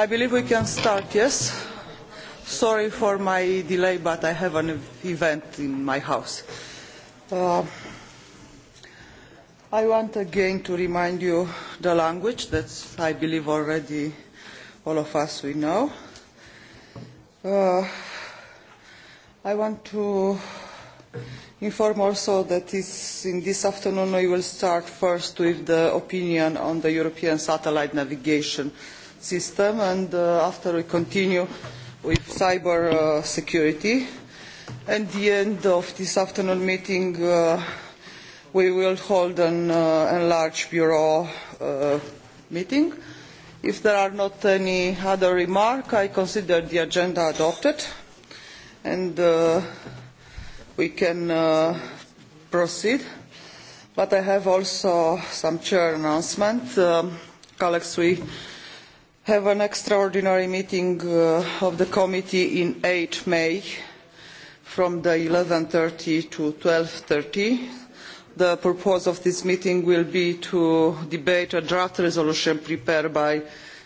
I believe we can start, yes? Sorry for my delay, but I have an event in my house. Uh, I want again to remind you the language that I believe already all of us we know. Uh, I want to inform also that in this afternoon we will start first with the opinion on the European Satellite Navigation uh, system and after we continue with cyber security. At the end of this afternoon meeting, we will hold an enlarged bureau meeting. If there are not any other remarks, I consider the agenda adopted and we can proceed. But I have also some chair announcement. Colleagues, we have an extraordinary meeting of the committee on 8 May from the 11.30 to 12.30. The purpose of this meeting will be to debate a draft resolution prepared by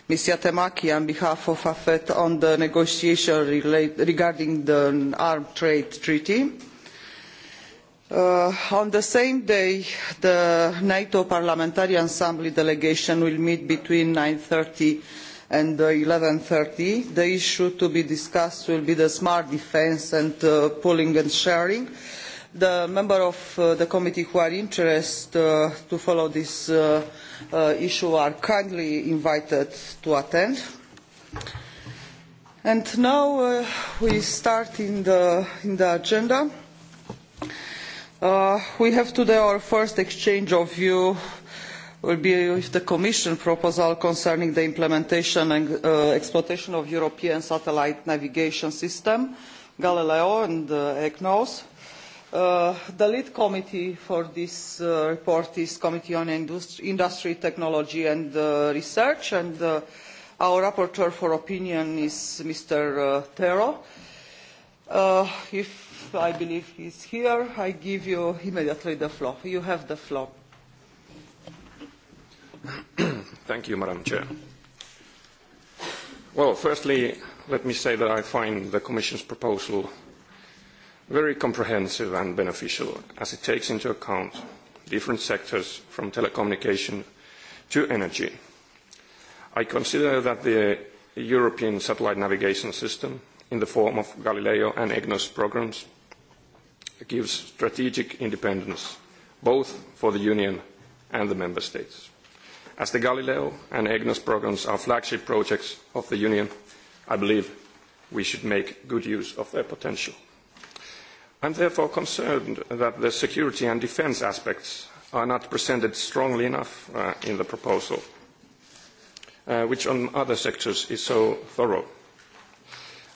Ms. Yatemaki on behalf of AFET on the negotiation regarding the arms trade treaty. on the same day, the NATO Parliamentary Assembly delegation will meet between 9.30 and eleven thirty. The issue to be discussed will be the smart defence and pooling and sharing. The member of the committee who are interested to follow this issue are kindly invited to attend. And now we start in the, in the agenda. we have today our first exchange of views will be with the Commission proposal concerning the implementation and exploitation of European satellite navigation system, Galileo and ECNOS. the lead committee for this report is Committee on Industry, Technology and Research, and our rapporteur for opinion is Mr. Tero. if I believe he is here, I give you immediately the floor. You have the floor. Thank you, Madam Chair. Well, firstly, let me say that I find the Commission's proposal very comprehensive and beneficial as it takes into account different sectors from telecommunication to energy. I consider that the European Satellite Navigation System, in the form of Galileo and EGNOS programmes, gives strategic independence both for the Union and the Member States. As the Galileo and EGNOS programs are flagship projects of the Union, I believe we should make good use of their potential. I am therefore concerned that the security and defence aspects are not presented strongly enough in the proposal, which on other sectors is so thorough.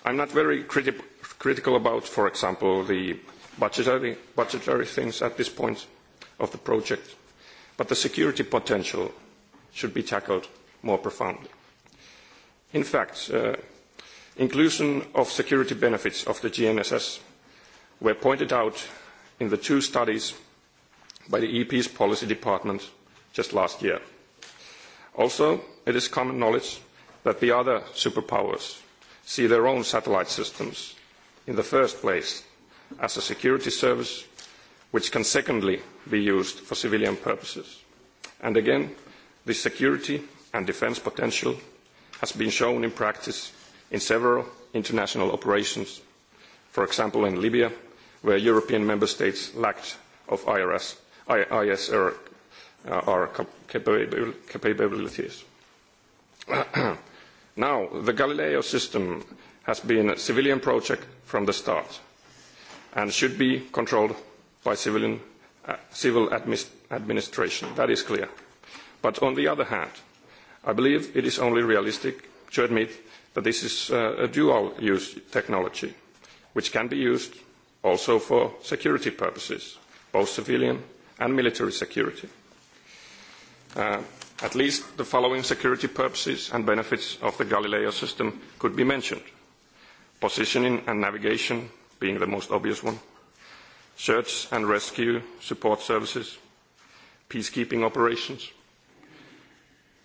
I am not very critical about, for example, the budgetary, budgetary things at this point of the project, but the security potential should be tackled more profoundly. In fact, inclusion of security benefits of the GNSS were pointed out in the two studies by the EP's policy department just last year. Also, it is common knowledge that the other superpowers see their own satellite systems in the first place as a security service which can secondly be used for civilian purposes. And again, The security and defence potential has been shown in practice in several international operations, for example in Libya, where European member states lacked of IRS, ISR capabilities. Now, the Galileo system has been a civilian project from the start and should be controlled by civil administration. That is clear But on the other hand, I believe it is only realistic to admit that this is a dual-use technology, which can be used also for security purposes, both civilian and military security. At least the following security purposes and benefits of the Galileo system could be mentioned. Positioning and navigation being the most obvious one. Search and rescue support services. Peacekeeping operations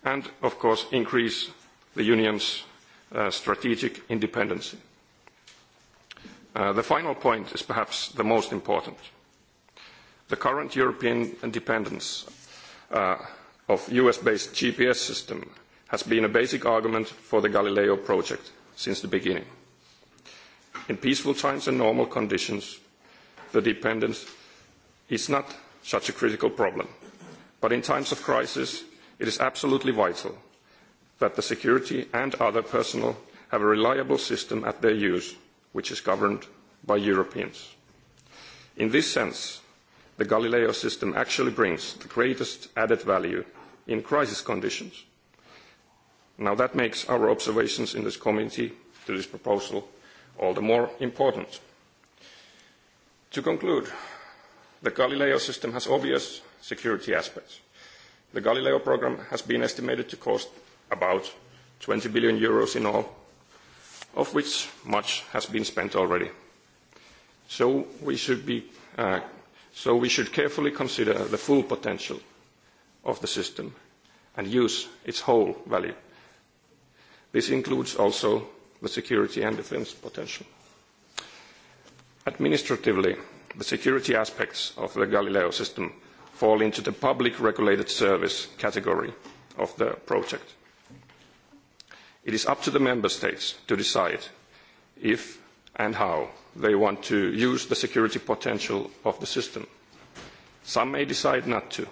and, of course, increase the Union's strategic independence. the final point is perhaps the most important. The current European dependence of US-based GPS system has been a basic argument for the Galileo project since the beginning. In peaceful times and normal conditions, the dependence is not such a critical problem. But in times of crisis, It is absolutely vital that the security and other personnel have a reliable system at their use, which is governed by Europeans. In this sense, the Galileo system actually brings the greatest added value in crisis conditions. Now that makes our observations in this committee to this proposal all the more important. To conclude, the Galileo system has obvious security aspects. The Galileo program has been estimated to cost about 20 billion euros in all, of which much has been spent already. we should be so we should carefully consider the full potential of the system and use its whole value. This includes also the security and defence potential. Administratively, the security aspects of the Galileo system fall into the public regulated service category of the project. It is up to the member states to decide if and how they want to use the security potential of the system. Some may decide not to,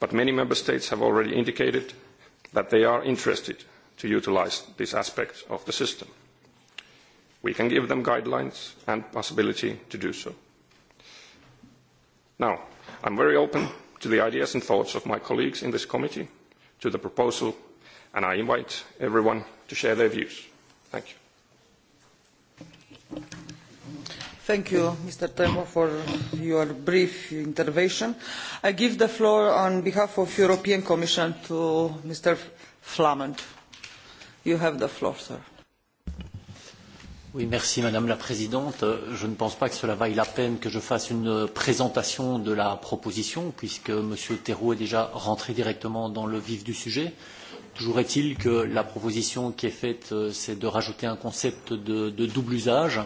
but many member states have already indicated that they are interested to utilising this aspect of the system. We can give them guidelines and possibility to do so. Now, I'm very open to the ideas and thoughts of my colleagues in this committee, to the proposal, and I invite everyone to share their views. Thank you. Thank you, Mr. Temo, for your brief intervention. I give the floor on behalf of European Commission to Mr. Flamand. You have the floor, sir. Madame la Présidente. Je ne pense pas que cela vaille la peine que je fasse une présentation de la proposition, puisque M. Thérault est déjà rentré directement dans le vif du sujet. Toujours est-il que la proposition qui est faite, c'est de rajouter un concept de, double usage.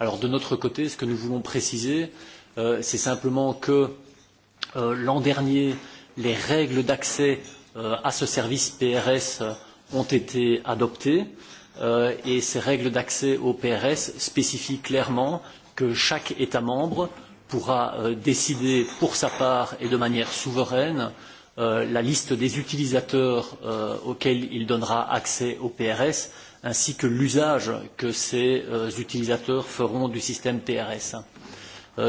Alors de notre côté, ce que nous voulons préciser, c'est simplement que l'an dernier, les règles d'accès à ce service PRS ont été adoptées et ces règles d'accès au PRS spécifient clairement que chaque État membre pourra décider pour sa part et de manière souveraine la liste des utilisateurs auxquels il donnera accès au PRS ainsi que l'usage que ces utilisateurs feront du système PRS.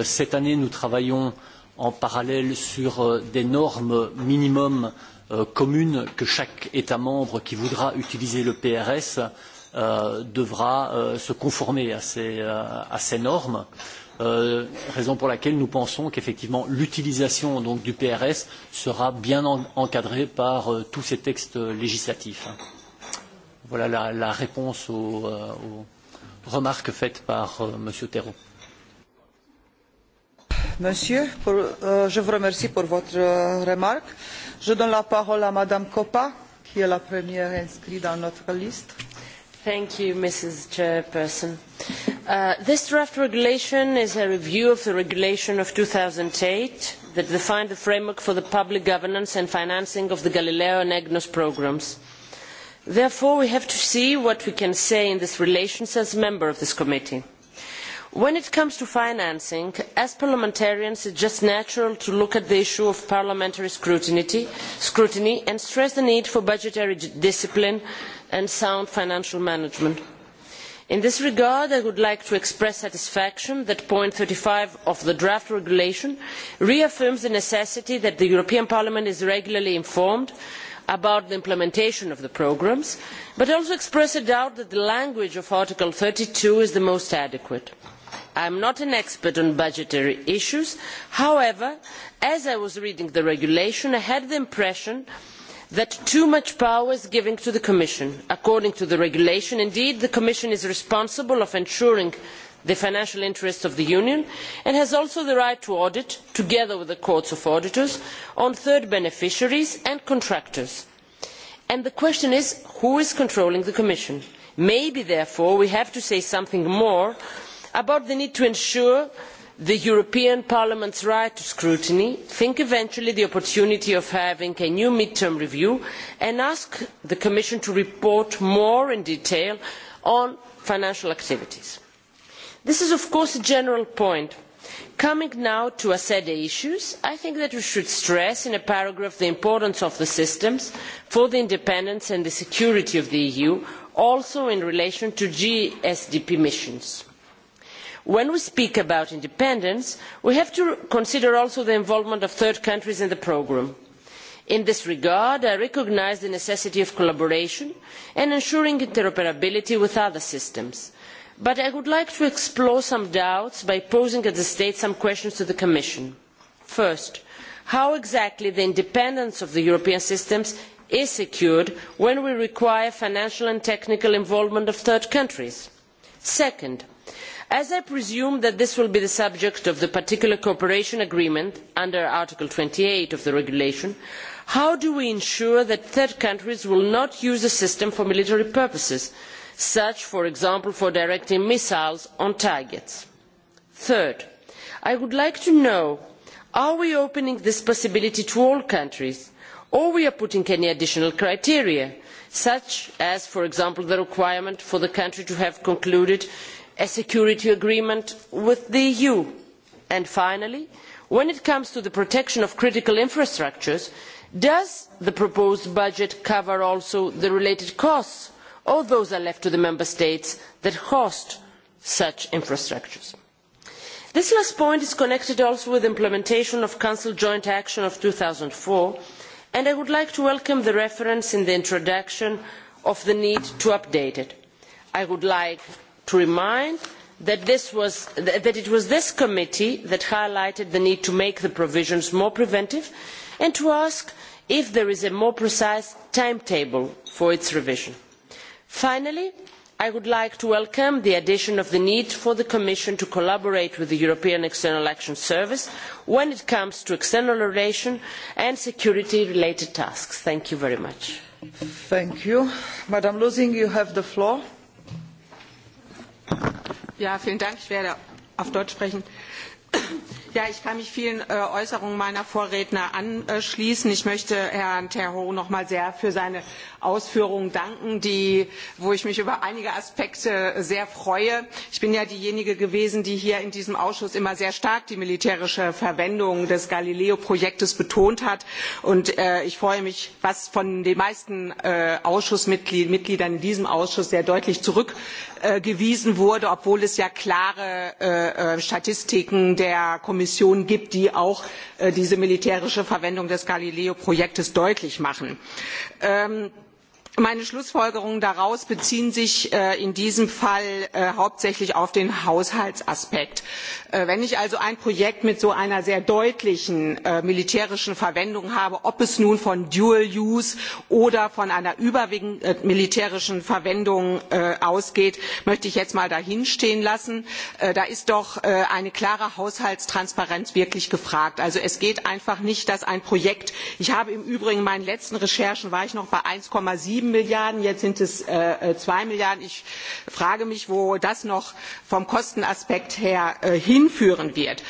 cette année, nous travaillons en parallèle sur des normes minimum communes que chaque État membre qui voudra utiliser le PRS devra se conformer à ces, normes. raison pour laquelle nous pensons qu'effectivement l'utilisation du PRS sera bien encadrée par tous ces textes législatifs. Voilà la, réponse aux, remarques faites par Monsieur M. Thérault. Monsieur, je vous remercie pour votre remarque. Je donne la parole à Madame Coppa, qui est la première inscrite dans notre liste. Chairperson. this draft regulation is a review of the regulation of two thousand and eight that defined the framework for the public governance and financing of the Galileo and EGNOS programmes. Therefore, we have to see what we can say in this relation as a member of this committee. When it comes to financing, as parliamentarians, it is just natural to look at the issue of parliamentary scrutiny and stress the need for budgetary discipline and sound financial management. in this regard i would like to express satisfaction that point thirty five of the draft regulation reaffirms the necessity that the european parliament is regularly informed about the implementation of the programmes but also express a doubt that the language of article thirty two is the most adequate. i am not an expert on budgetary issues. however as i was reading the regulation i had the impression that that too much power is given to the commission. according to the regulation indeed the commission is responsible for ensuring the financial interests of the union and has also the right to audit together with the courts of auditors on third beneficiaries and contractors. the question is who is controlling the commission? maybe therefore we have to say something more about the need to ensure that the european parliament's right to scrutiny think eventually of the opportunity of having a new mid term review and ask the commission to report more in detail on financial activities. this is of course a general point. coming now to assets issues i think that we should stress in a paragraph the importance of the systems for the independence and the security of the eu also in relation to gsdp missions when we speak about independence we have to consider also the involvement of third countries in the programme. in this regard i recognise the necessity of collaboration and ensuring interoperability with other systems but i would like to explore some doubts by posing at this stage some questions to the commission. first how exactly is the independence of the european systems secured when we require financial and technical involvement of third countries? second as i presume that this will be the subject of the particular cooperation agreement under article twenty eight of the regulation how do we ensure that third countries will not use the system for military purposes such for example for directing missiles on targets? third i would like to know are we opening this possibility to all countries or are we putting any additional criteria such as for example the requirement for the country to have concluded a security agreement with the eu and finally when it comes to the protection of critical infrastructures does the proposed budget also cover also the related costs or those are left to the member states that host such infrastructures? this last point is connected also with implementation of council joint action of two thousand and four and i would like to welcome the reference in the introduction to the need to update it. i would like to remind that it was this committee that highlighted the need to make the provisions more preventive and to ask if there is a more precise timetable for its revision. finally i would like to welcome the addition of the need for the commission to collaborate with the european external action service when it comes to external relations and security related tasks. thank you very much. Ja, vielen Dank. Ich werde auf Deutsch sprechen. Ja, ich kann mich vielen Äußerungen meiner Vorredner anschließen. Ich möchte Herrn Terho noch mal sehr für seine Ausführungen danken, wo ich mich über einige Aspekte sehr freue. Ich bin ja diejenige gewesen, die hier in diesem Ausschuss immer sehr stark die militärische Verwendung des Galileo-Projektes betont hat. Und ich freue mich, was von den meisten Ausschussmitgliedern in diesem Ausschuss sehr deutlich zurückgewiesen wurde, obwohl es ja klare Statistiken der Kommission gibt, die auch diese militärische Verwendung des Galileo-Projektes deutlich machen. Ähm, meine schlussfolgerungen daraus beziehen sich in diesem fall hauptsächlich auf den haushaltsaspekt. wenn ich also ein projekt mit so einer sehr deutlichen militärischen verwendung habe ob es nun von dual use oder von einer überwiegend militärischen verwendung ausgeht möchte ich jetzt mal dahinstehen lassen. da ist doch eine klare haushaltstransparenz wirklich gefragt. also es geht einfach nicht dass ein projekt ich habe im übrigen in meinen letzten recherchen war ich noch bei eins sieben Milliarden, jetzt sind es zwei Milliarden. Ich frage mich, wo das noch vom Kostenaspekt her hinführen wird.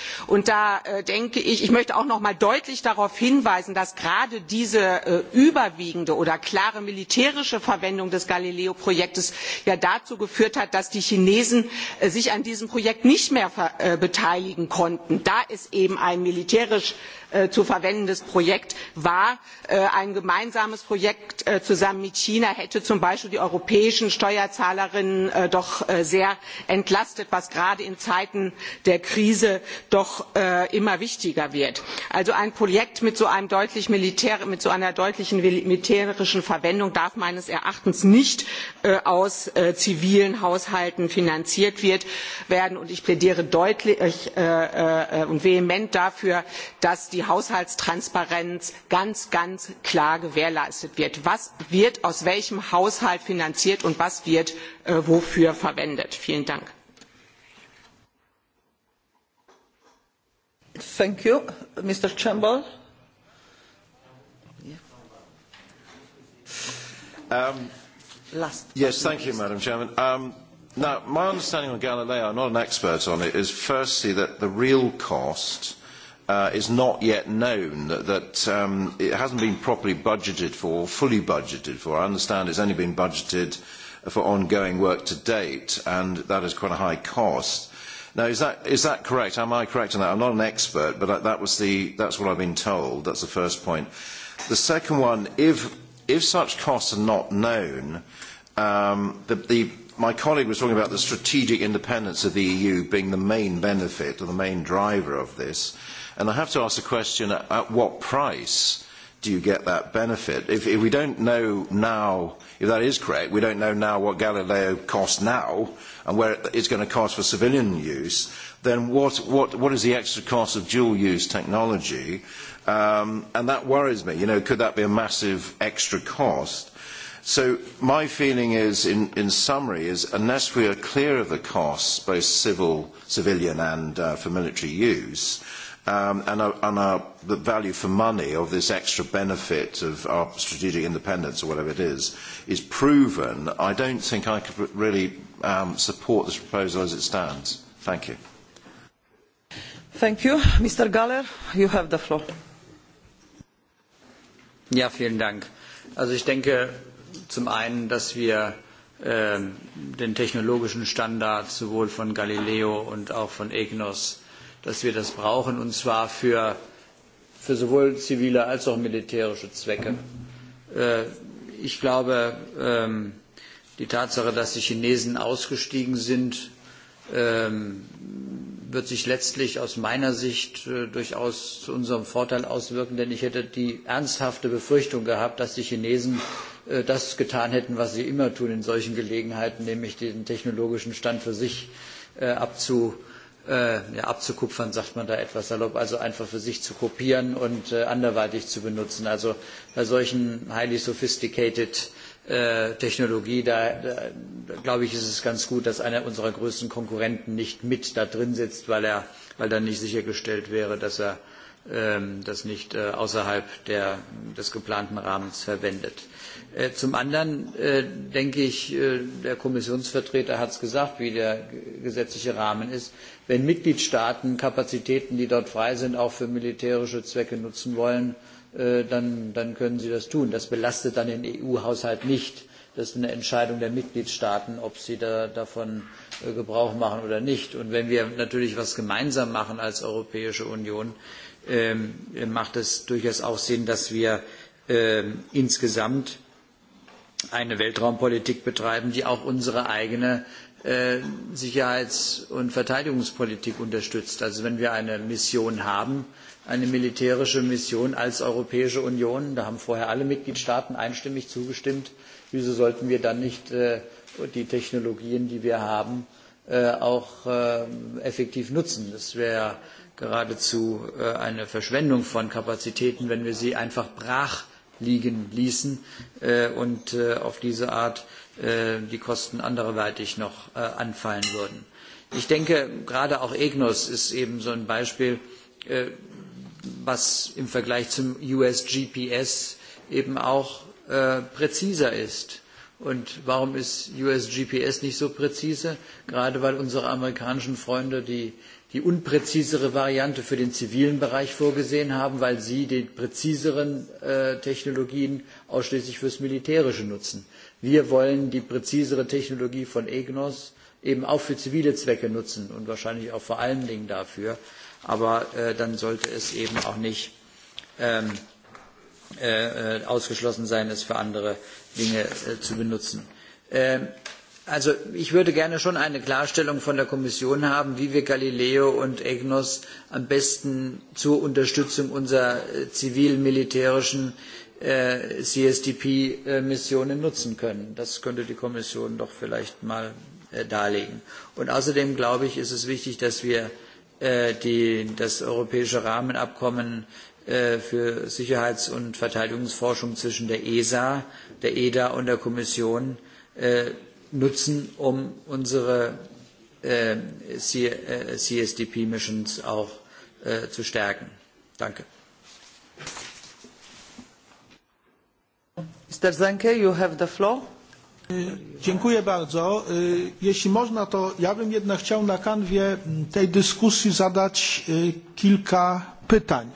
ich, möchte auch noch einmal deutlich darauf hinweisen, dass gerade diese überwiegende oder klare militärische Verwendung des Galileo-Projektes ja dazu geführt hat, dass die Chinesen sich an diesem Projekt nicht mehr beteiligen konnten, da es eben ein militärisch zu verwendendes Projekt war. Ein gemeinsames Projekt zusammen mit China hätte zum Beispiel die europäischen Steuerzahlerinnen und doch sehr entlastet, was gerade in Zeiten der Krise doch immer wichtiger wird. Also ein Projekt mit so, einer deutlichen militärischen Verwendung darf meines Erachtens nicht aus zivilen Haushalten finanziert werden. Und ich plädiere deutlich und vehement dafür, dass die haushaltstransparenz ganz ganz klar gewährleistet wird was wird aus welchem haushalt finanziert und was wird wofür verwendet. vielen dank. madam president my understanding on galileo i am not an expert on it is firstly that the real cost is not yet known, that, that um, it hasn't been properly budgeted for, or fully budgeted for. I understand it's only been budgeted for ongoing work to date, and that is quite a high cost. Now, is that, is that correct? Am I correct on that? I'm not an expert, but that was the, that's what I've been told. That's the first point. The second one, if, if such costs are not known, um, the, the, my colleague was talking about the strategic independence of the EU being the main benefit or the main driver of this. Uh, And I have to ask the question, at what price do you get that benefit? If, if we don't know now, if that is correct, we don't know now what Galileo costs now and where it's going to cost for civilian use, then what, what, what is the extra cost of dual-use technology? Um, and that worries me. You know, could that be a massive extra cost? So my feeling is, in, in summary, is unless we are clear of the costs, both civil, civilian and uh, for military use, and, our, the value for money of this extra benefit of our strategic independence or whatever it is, is proven, I don't think I could really um, support this proposal as it stands. Thank you. Thank you. Mr. Galler, you have the floor. Ja, vielen Dank. Also ich denke zum einen, dass wir den technologischen Standard sowohl von Galileo und auch von EGNOS dass wir das brauchen, und zwar für, sowohl zivile als auch militärische Zwecke. ich glaube, die Tatsache, dass die Chinesen ausgestiegen sind, wird sich letztlich aus meiner Sicht durchaus zu unserem Vorteil auswirken, denn ich hätte die ernsthafte Befürchtung gehabt, dass die Chinesen das getan hätten, was sie immer tun in solchen Gelegenheiten, nämlich den technologischen Stand für sich abzu abzukupfern, sagt man da etwas salopp, also einfach für sich zu kopieren und anderweitig zu benutzen. Also bei solchen highly sophisticated Technologie, da, glaube ich, ist es ganz gut, dass einer unserer größten Konkurrenten nicht mit da drin sitzt, weil, dann nicht sichergestellt wäre, dass er das nicht außerhalb des geplanten Rahmens verwendet. Zum anderen denke ich, der Kommissionsvertreter hat es gesagt, wie der gesetzliche Rahmen ist. Wenn Mitgliedstaaten Kapazitäten, die dort frei sind, auch für militärische Zwecke nutzen wollen, dann, können sie das tun. Das belastet dann den EU-Haushalt nicht. Das ist eine Entscheidung der Mitgliedstaaten, ob sie davon Gebrauch machen oder nicht. Und wenn wir natürlich etwas gemeinsam machen als Europäische Union, macht es durchaus auch Sinn, dass wir insgesamt eine Weltraumpolitik betreiben, die auch unsere eigene Sicherheits- und Verteidigungspolitik unterstützt. Also wenn wir eine Mission haben, eine militärische Mission als Europäische Union, da haben vorher alle Mitgliedstaaten einstimmig zugestimmt, wieso sollten wir dann nicht die Technologien, die wir haben, auch effektiv nutzen? Das wäre geradezu eine Verschwendung von Kapazitäten, wenn wir sie einfach brach liegen ließen und auf diese Art die Kosten anderweitig noch anfallen würden. Ich denke, gerade auch EGNOS ist eben so ein Beispiel, was im Vergleich zum USGPS eben auch präziser ist. Und warum ist USGPS nicht so präzise? Gerade weil unsere amerikanischen Freunde die die unpräzisere Variante für den zivilen Bereich vorgesehen haben, weil sie die präziseren Technologien ausschließlich fürs Militärische nutzen. Wir wollen die präzisere Technologie von EGNOS eben auch für zivile Zwecke nutzen und wahrscheinlich auch vor allen Dingen dafür. Aber dann sollte es eben auch nicht ausgeschlossen sein, es für andere Dinge zu benutzen Also ich würde gerne schon eine Klarstellung von der Kommission haben, wie wir Galileo und EGNOS am besten zur Unterstützung unserer zivil-militärischen CSDP-Missionen nutzen können. Das könnte die Kommission doch vielleicht mal darlegen. Und außerdem glaube ich, ist es wichtig, dass wir das europäische Rahmenabkommen für Sicherheits- und Verteidigungsforschung zwischen der ESA, der EDA und der Kommission nutzen, um unsere äh, CSDP-Missions auch äh, zu stärken. Danke. Mr. Zenke, you have the floor. Dziękuję bardzo. Jeśli można, to ja bym jednak chciał na kanwie tej dyskusji zadać kilka pytań.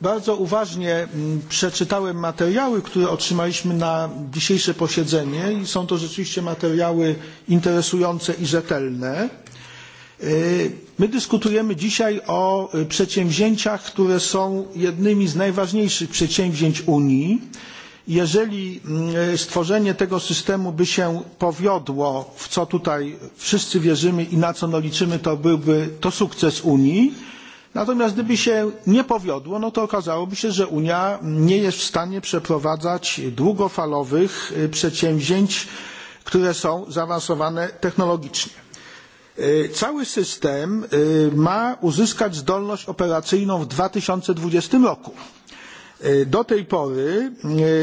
Bardzo uważnie przeczytałem materiały, które otrzymaliśmy na dzisiejsze posiedzenie i są to rzeczywiście materiały interesujące i rzetelne. My dyskutujemy dzisiaj o przedsięwzięciach, które są jednymi z najważniejszych przedsięwzięć Unii. Jeżeli stworzenie tego systemu by się powiodło, w co tutaj wszyscy wierzymy i na co liczymy, to byłby to sukces Unii Natomiast gdyby się nie powiodło, no to okazałoby się, że Unia nie jest w stanie przeprowadzać długofalowych przedsięwzięć, które są zaawansowane technologicznie. Cały system ma uzyskać zdolność operacyjną w 2020 roku. Do tej pory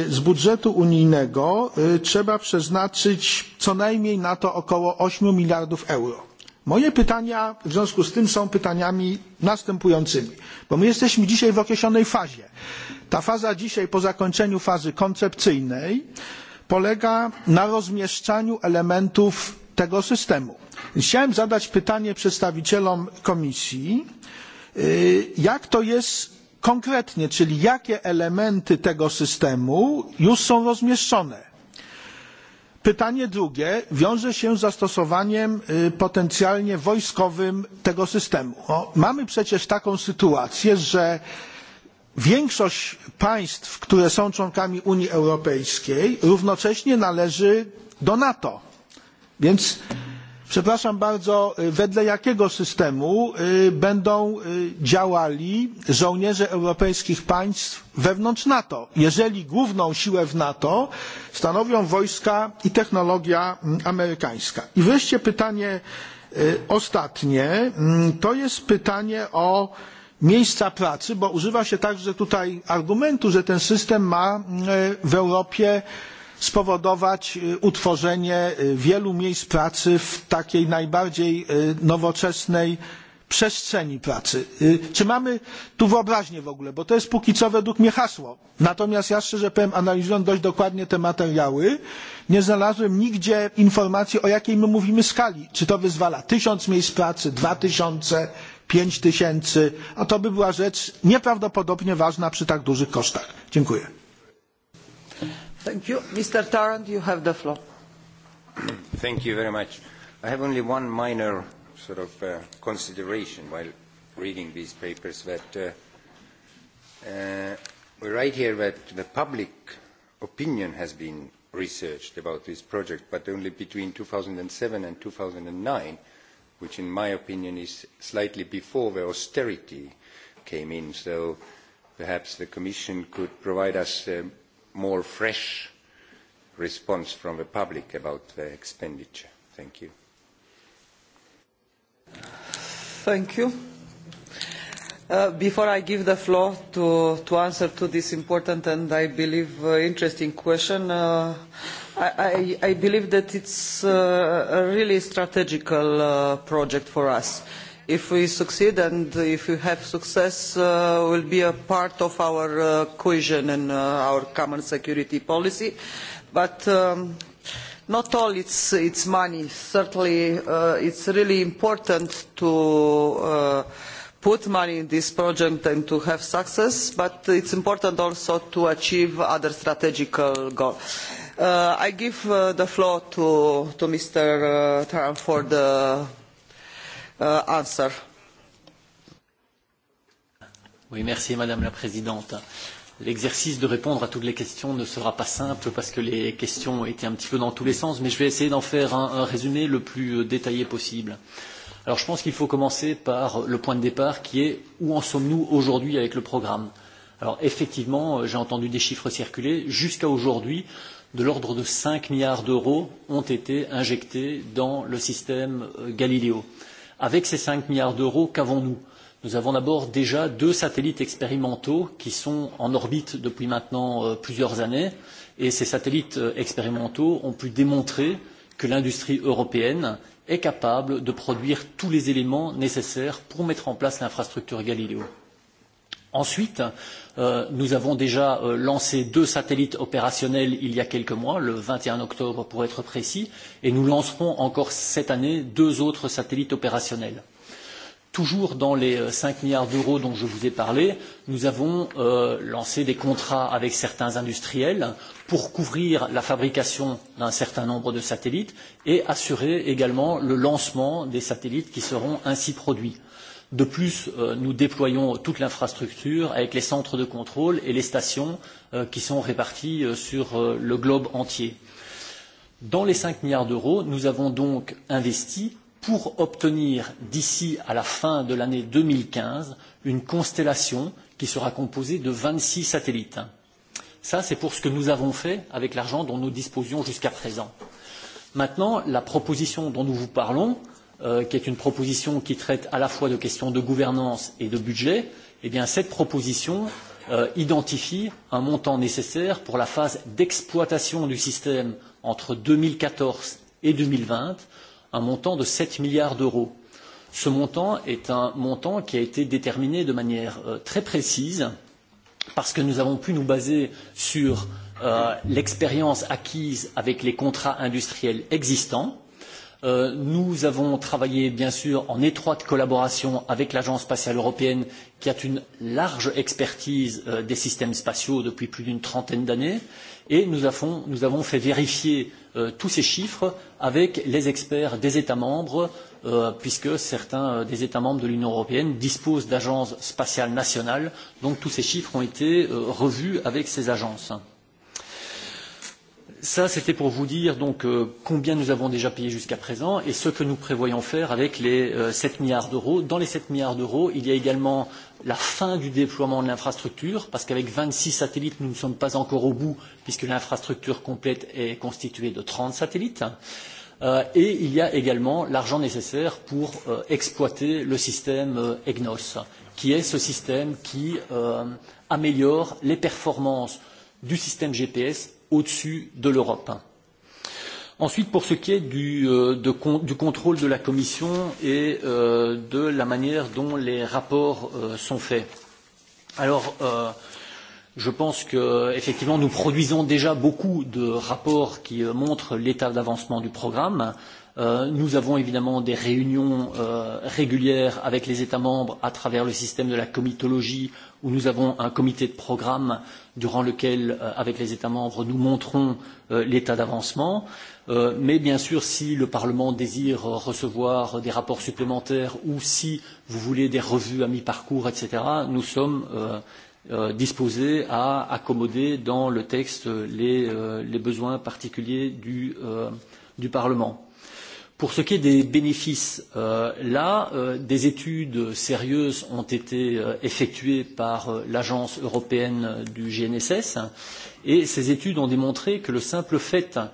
z budżetu unijnego trzeba przeznaczyć co najmniej na to około 8 miliardów euro. Moje pytania w związku z tym są pytaniami następującymi, bo my jesteśmy dzisiaj w określonej fazie. Ta faza dzisiaj po zakończeniu fazy koncepcyjnej polega na rozmieszczaniu elementów tego systemu. Chciałem zadać pytanie przedstawicielom komisji, jak to jest konkretnie, czyli jakie elementy tego systemu już są rozmieszczone Pytanie drugie wiąże się z zastosowaniem potencjalnie wojskowym tego systemu. mamy przecież taką sytuację, że większość państw, które są członkami Unii Europejskiej, równocześnie należy do NATO. Więc przepraszam bardzo, wedle jakiego systemu będą działali żołnierze europejskich państw wewnątrz NATO, jeżeli główną siłę w NATO stanowią wojska i technologia amerykańska. I wreszcie pytanie ostatnie, to jest pytanie o miejsca pracy, bo używa się także tutaj argumentu, że ten system ma w Europie spowodować utworzenie wielu miejsc pracy w takiej najbardziej nowoczesnej przestrzeni pracy. Czy mamy tu wyobraźnię w ogóle? Bo to jest póki co według mnie hasło. Natomiast ja szczerze powiem, analizując dość dokładnie te materiały, nie znalazłem nigdzie informacji, o jakiej my mówimy skali. Czy to wyzwala tysiąc miejsc pracy, dwa tysiące, pięć tysięcy? A to by była rzecz nieprawdopodobnie ważna przy tak dużych kosztach. Dziękuję. Thank you. Mr. Tarrant, you have the floor. Thank you very much. I have only one minor sort of uh, consideration while reading these papers that uh, uh, we write here that the public opinion has been researched about this project, but only between 2007 and 2009, which in my opinion is slightly before the austerity came in. So perhaps the Commission could provide us more fresh response from the public about the expenditure. Thank you. Thank you. Before I give the floor to answer to this important and, I believe, interesting question, I believe that it's a really strategic project for us if we succeed and if we have success will be a part of our cohesion and our common security policy but not all it's it's money certainly it's really important to put money in this project and to have success but it is important also to achieve other strategic goals. i give the floor to mr tarand for the Madame la Présidente. L'exercice de répondre à toutes les questions ne sera pas simple parce que les questions étaient un petit peu dans tous les sens, mais je vais essayer d'en faire un, un résumé le plus détaillé possible. Alors je pense qu'il faut commencer par le point de départ qui est où en sommes-nous aujourd'hui avec le programme Alors effectivement, j'ai entendu des chiffres circuler. Jusqu'à aujourd'hui, de l'ordre de 5 milliards d'euros ont été injectés dans le système Galileo. Euh, Avec ces cinq milliards d'euros, qu'avons-nous Nous avons d'abord déjà deux satellites expérimentaux qui sont en orbite depuis maintenant plusieurs années et ces satellites expérimentaux ont pu démontrer que l'industrie européenne est capable de produire tous les éléments nécessaires pour mettre en place l'infrastructure Galileo. Ensuite, nous avons déjà lancé deux satellites opérationnels il y a quelques mois, le vingt et un octobre pour être précis, et nous lancerons encore cette année deux autres satellites opérationnels. Toujours dans les cinq milliards d'euros dont je vous ai parlé, nous avons lancé des contrats avec certains industriels pour couvrir la fabrication d'un certain nombre de satellites et assurer également le lancement des satellites qui seront ainsi produits De plus, nous déployons toute l'infrastructure avec les centres de contrôle et les stations qui sont réparties sur le globe entier. Dans les cinq milliards d'euros, nous avons donc investi pour obtenir d'ici à la fin de l'année deux mille quinze une constellation qui sera composée de vingt six satellites. Ça, c'est pour ce que nous avons fait avec l'argent dont nous disposions jusqu'à présent. Maintenant, la proposition dont nous vous parlons, qui est une proposition qui traite à la fois de questions de gouvernance et de budget, eh bien cette proposition identifie un montant nécessaire pour la phase d'exploitation du système entre deux mille quatorze et deux mille vingt, un montant de sept milliards d'euros. Ce montant est un montant qui a été déterminé de manière très précise parce que nous avons pu nous baser sur l'expérience acquise avec les contrats industriels existants nous avons travaillé, bien sûr, en étroite collaboration avec l'Agence spatiale européenne, qui a une large expertise des systèmes spatiaux depuis plus d'une trentaine d'années, et nous avons, fait vérifier tous ces chiffres avec les experts des États membres, puisque certains des États membres de l'Union européenne disposent d'agences spatiales nationales, donc tous ces chiffres ont été revus avec ces agences. Ça, c'était pour vous dire donc combien nous avons déjà payé jusqu'à présent et ce que nous prévoyons faire avec les 7 milliards d'euros. Dans les 7 milliards d'euros, il y a également la fin du déploiement de l'infrastructure, parce qu'avec 26 satellites, nous ne sommes pas encore au bout, puisque l'infrastructure complète est constituée de 30 satellites. et il y a également l'argent nécessaire pour exploiter le système EGNOS, qui est ce système qui améliore les performances du système GPS au-dessus de l'Europe. Ensuite, pour ce qui est du, de, du contrôle de la Commission et euh, de la manière dont les rapports euh, sont faits. Alors, euh, je pense que effectivement, nous produisons déjà beaucoup de rapports qui montrent l'état d'avancement du programme. Euh, nous avons évidemment des réunions régulières avec les États membres à travers le système de la comitologie, où nous avons un comité de programme durant lequel, avec les États membres, nous montrons l'état d'avancement. mais bien sûr, si le Parlement désire recevoir des rapports supplémentaires ou si vous voulez des revues à mi-parcours, etc., nous sommes disposés à accommoder dans le texte les, besoins particuliers du Parlement Pour ce qui est des bénéfices, euh, là, euh, des études sérieuses ont été euh, effectuées par euh, l'Agence européenne du GNSS et ces études ont démontré que le simple fait euh,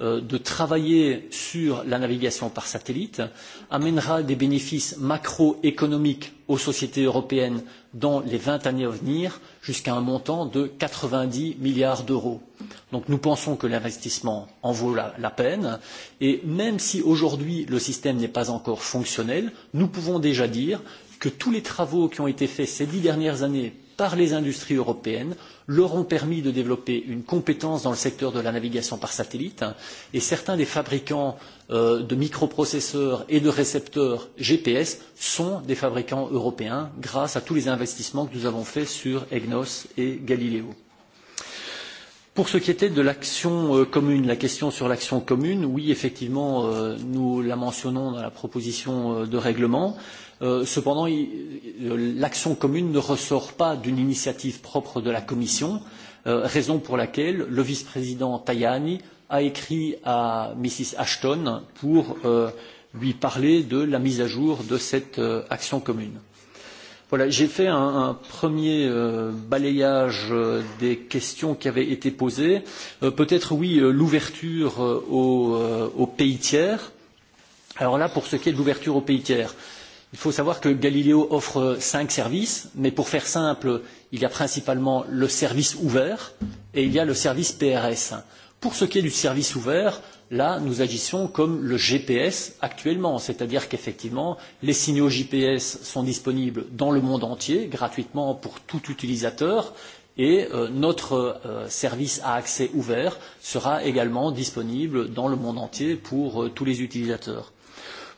de travailler sur la navigation par satellite amènera des bénéfices macroéconomiques aux sociétés européennes dans les vingt années à venir jusqu'à un montant de quatre-vingt-dix milliards d'euros. Donc nous pensons que l'investissement en vaut la, peine et même si aujourd'hui le système n'est pas encore fonctionnel, nous pouvons déjà dire que tous les travaux qui ont été faits ces dix dernières années par les industries européennes leur ont permis de développer une compétence dans le secteur de la navigation par satellite et certains des fabricants de microprocesseurs et de récepteurs GPS sont des fabricants européens grâce à tous les investissements que nous avons faits sur EGNOS et Galileo. Pour ce qui était de l'action commune, la question sur l'action commune, oui, effectivement, nous la mentionnons dans la proposition de règlement. Cependant, l'action commune ne ressort pas d'une initiative propre de la Commission, raison pour laquelle le vice-président Tajani a écrit à Mrs Ashton pour lui parler de la mise à jour de cette action commune. Voilà, j'ai fait un, un premier euh, balayage euh, des questions qui avaient été posées. Euh, Peut-être, oui, euh, l'ouverture euh, aux, euh, aux pays tiers. Alors là, pour ce qui est de l'ouverture aux pays tiers, il faut savoir que Galileo offre cinq services, mais pour faire simple, il y a principalement le service ouvert et il y a le service PRS. Pour ce qui est du service ouvert, là, nous agissons comme le GPS actuellement, c'est-à-dire qu'effectivement, les signaux GPS sont disponibles dans le monde entier, gratuitement pour tout utilisateur, et notre service à accès ouvert sera également disponible dans le monde entier pour tous les utilisateurs.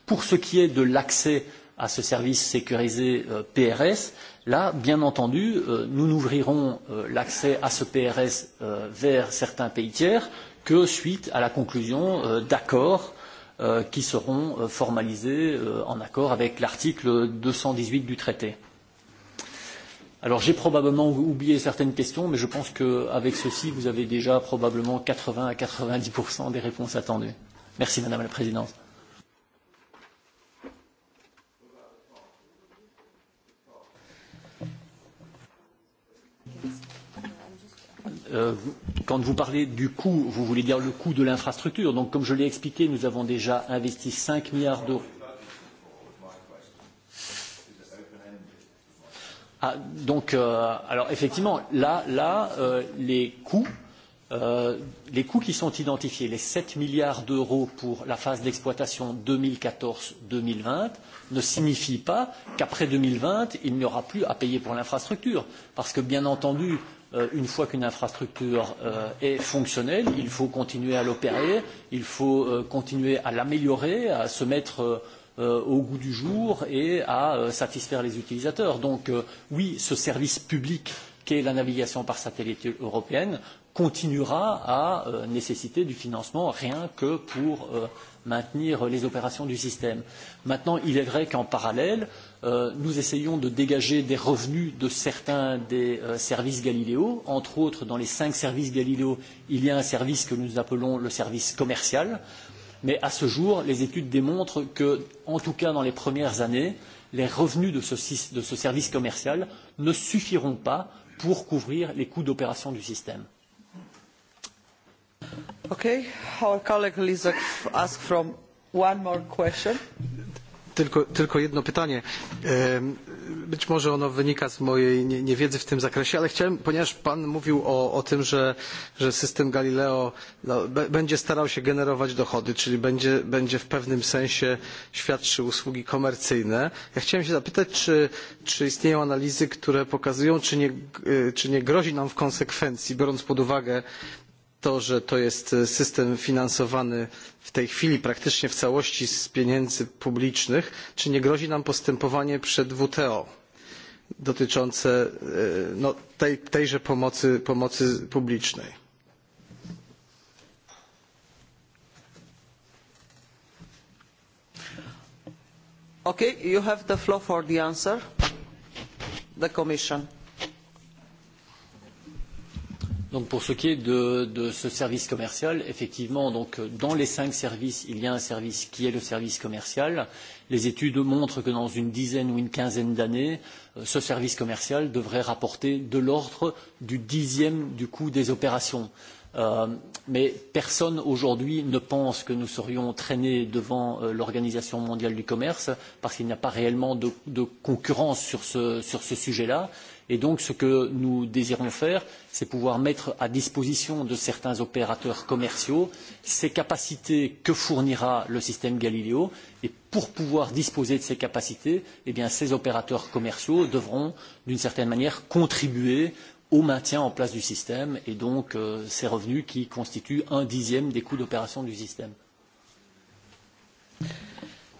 Pour ce qui est de l'accès à ce service sécurisé PRS, là, bien entendu, nous n'ouvrirons l'accès à ce PRS vers certains pays tiers que suite à la conclusion d'accords qui seront formalisés en accord avec l'article deux cent dix huit du traité. Alors j'ai probablement oublié certaines questions, mais je pense qu'avec ceci, vous avez déjà probablement quatre-vingts à quatre-vingt-dix des réponses attendues. Merci Madame la Présidente. quand vous parlez du coût, vous voulez dire le coût de l'infrastructure. Donc, comme je l'ai expliqué, nous avons déjà investi 5 milliards d'euros. Ah, donc, euh, alors effectivement, là, là euh, les coûts les coûts qui sont identifiés, les sept milliards d'euros pour la phase d'exploitation deux mille quatorze ne signifient pas qu'après deux mille vingt, il n'y aura plus à payer pour l'infrastructure. Parce que, bien entendu, une fois qu'une infrastructure est fonctionnelle, il faut continuer à l'opérer, il faut continuer à l'améliorer, à se mettre au goût du jour et à satisfaire les utilisateurs. Donc oui, ce service public qu'est la navigation par satellite européenne continuera à nécessiter du financement rien que pour maintenir les opérations du système. Maintenant, il est vrai qu'en parallèle, euh, nous essayons de dégager des revenus de certains des services Galiléo. Entre autres, dans les cinq services Galiléo, il y a un service que nous appelons le service commercial. Mais à ce jour, les études démontrent que, en tout cas dans les premières années, les revenus de ce, de ce service commercial ne suffiront pas pour couvrir les coûts d'opération du système. Okay, our colleague Lisa asked from one more question. Tylko, jedno pytanie. Być może ono wynika z mojej niewiedzy w tym zakresie, ale chciałem, ponieważ Pan mówił o, tym, że, system Galileo będzie starał się generować dochody, czyli będzie, w pewnym sensie świadczył usługi komercyjne. Ja chciałem się zapytać, czy, istnieją analizy, które pokazują, czy nie grozi nam w konsekwencji, biorąc pod uwagę to, że to jest system finansowany w tej chwili praktycznie w całości z pieniędzy publicznych, czy nie grozi nam postępowanie przed WTO dotyczące tejże pomocy, publicznej? Okay, you have the floor for the answer. The Commission. Donc pour ce qui est de, de ce service commercial, effectivement, donc dans les cinq services, il y a un service qui est le service commercial. Les études montrent que dans une dizaine ou une quinzaine d'années, ce service commercial devrait rapporter de l'ordre du dixième du coût des opérations. mais personne aujourd'hui ne pense que nous serions traînés devant l'Organisation mondiale du commerce parce qu'il n'y a pas réellement de, concurrence sur ce, sujet-là Et donc, ce que nous désirons faire, c'est pouvoir mettre à disposition de certains opérateurs commerciaux ces capacités que fournira le système Galileo. Et pour pouvoir disposer de ces capacités, ces opérateurs commerciaux devront, d'une certaine manière, contribuer au maintien en place du système et donc ces revenus qui constituent un dixième des coûts d'opération du système.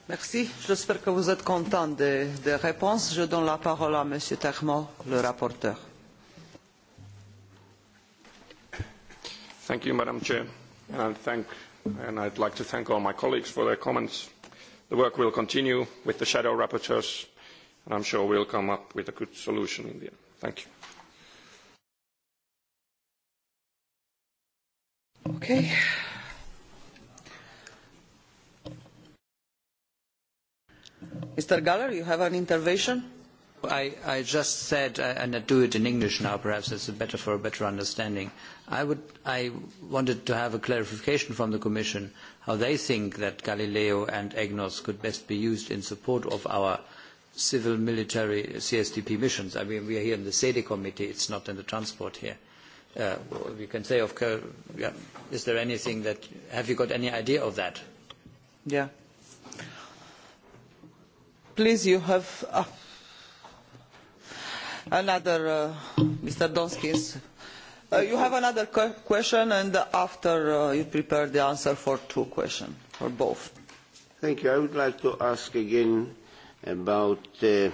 J'espère que vous êtes content des, réponses. Je donne la parole à M. Termon, le rapporteur. Madam Chair. And, I'll like to thank all my colleagues for their comments. The work will continue with the shadow rapporteurs, and I'm sure come up with a good solution in the end. Thank you. Mr. Galler, you have an intervention? I, I just said, and I do it in English now, perhaps it's better for a better understanding. I, would, I wanted to have a clarification from the Commission how they think that Galileo and EGNOS could best be used in support of our civil military CSDP missions. I mean, we are here in the SEDE committee, it's not in the transport here. Uh, we can say, of course, yeah, is there anything that, have you got any idea of that? Yeah. Please, you have uh, another, uh, Mr. Donskis. Uh, you have another question, and after uh, you prepare the answer for two questions, or both. Thank you. I would like to ask again about the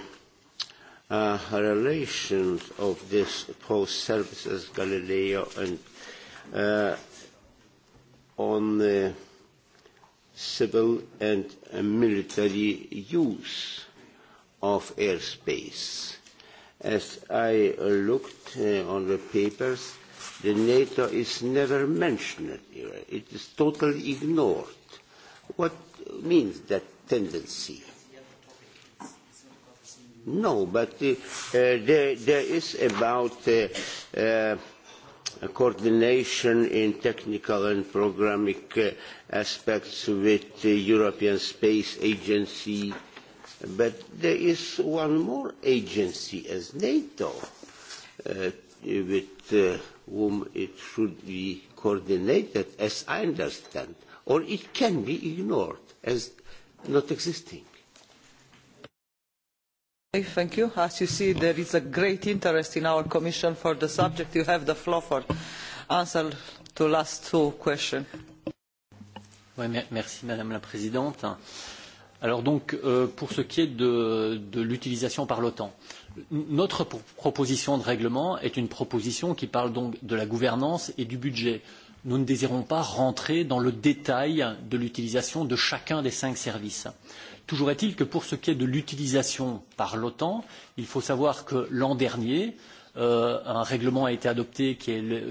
uh, relations of this post services Galileo and uh, on the uh, civil and military use of airspace. As I looked uh, on the papers, the NATO is never mentioned here. It is totally ignored. What means that tendency? No, but uh, uh, there, there is about uh, uh, coordination in technical and programming aspects with the European Space Agency. But there is one more agency as NATO with whom it should be coordinated, as I understand, or it can be ignored as not existing. Thank you. As you see, there is a great interest in our Commission for the subject. You have the floor for answer to last two questions. merci Madame la Présidente. Alors donc, pour ce qui est de, l'utilisation par l'OTAN, notre proposition de règlement est une proposition qui parle donc de la gouvernance et du budget Nous ne désirons pas rentrer dans le détail de l'utilisation de chacun des cinq services. Toujours est-il que pour ce qui est de l'utilisation par l'OTAN, il faut savoir que l'an dernier, un règlement a été adopté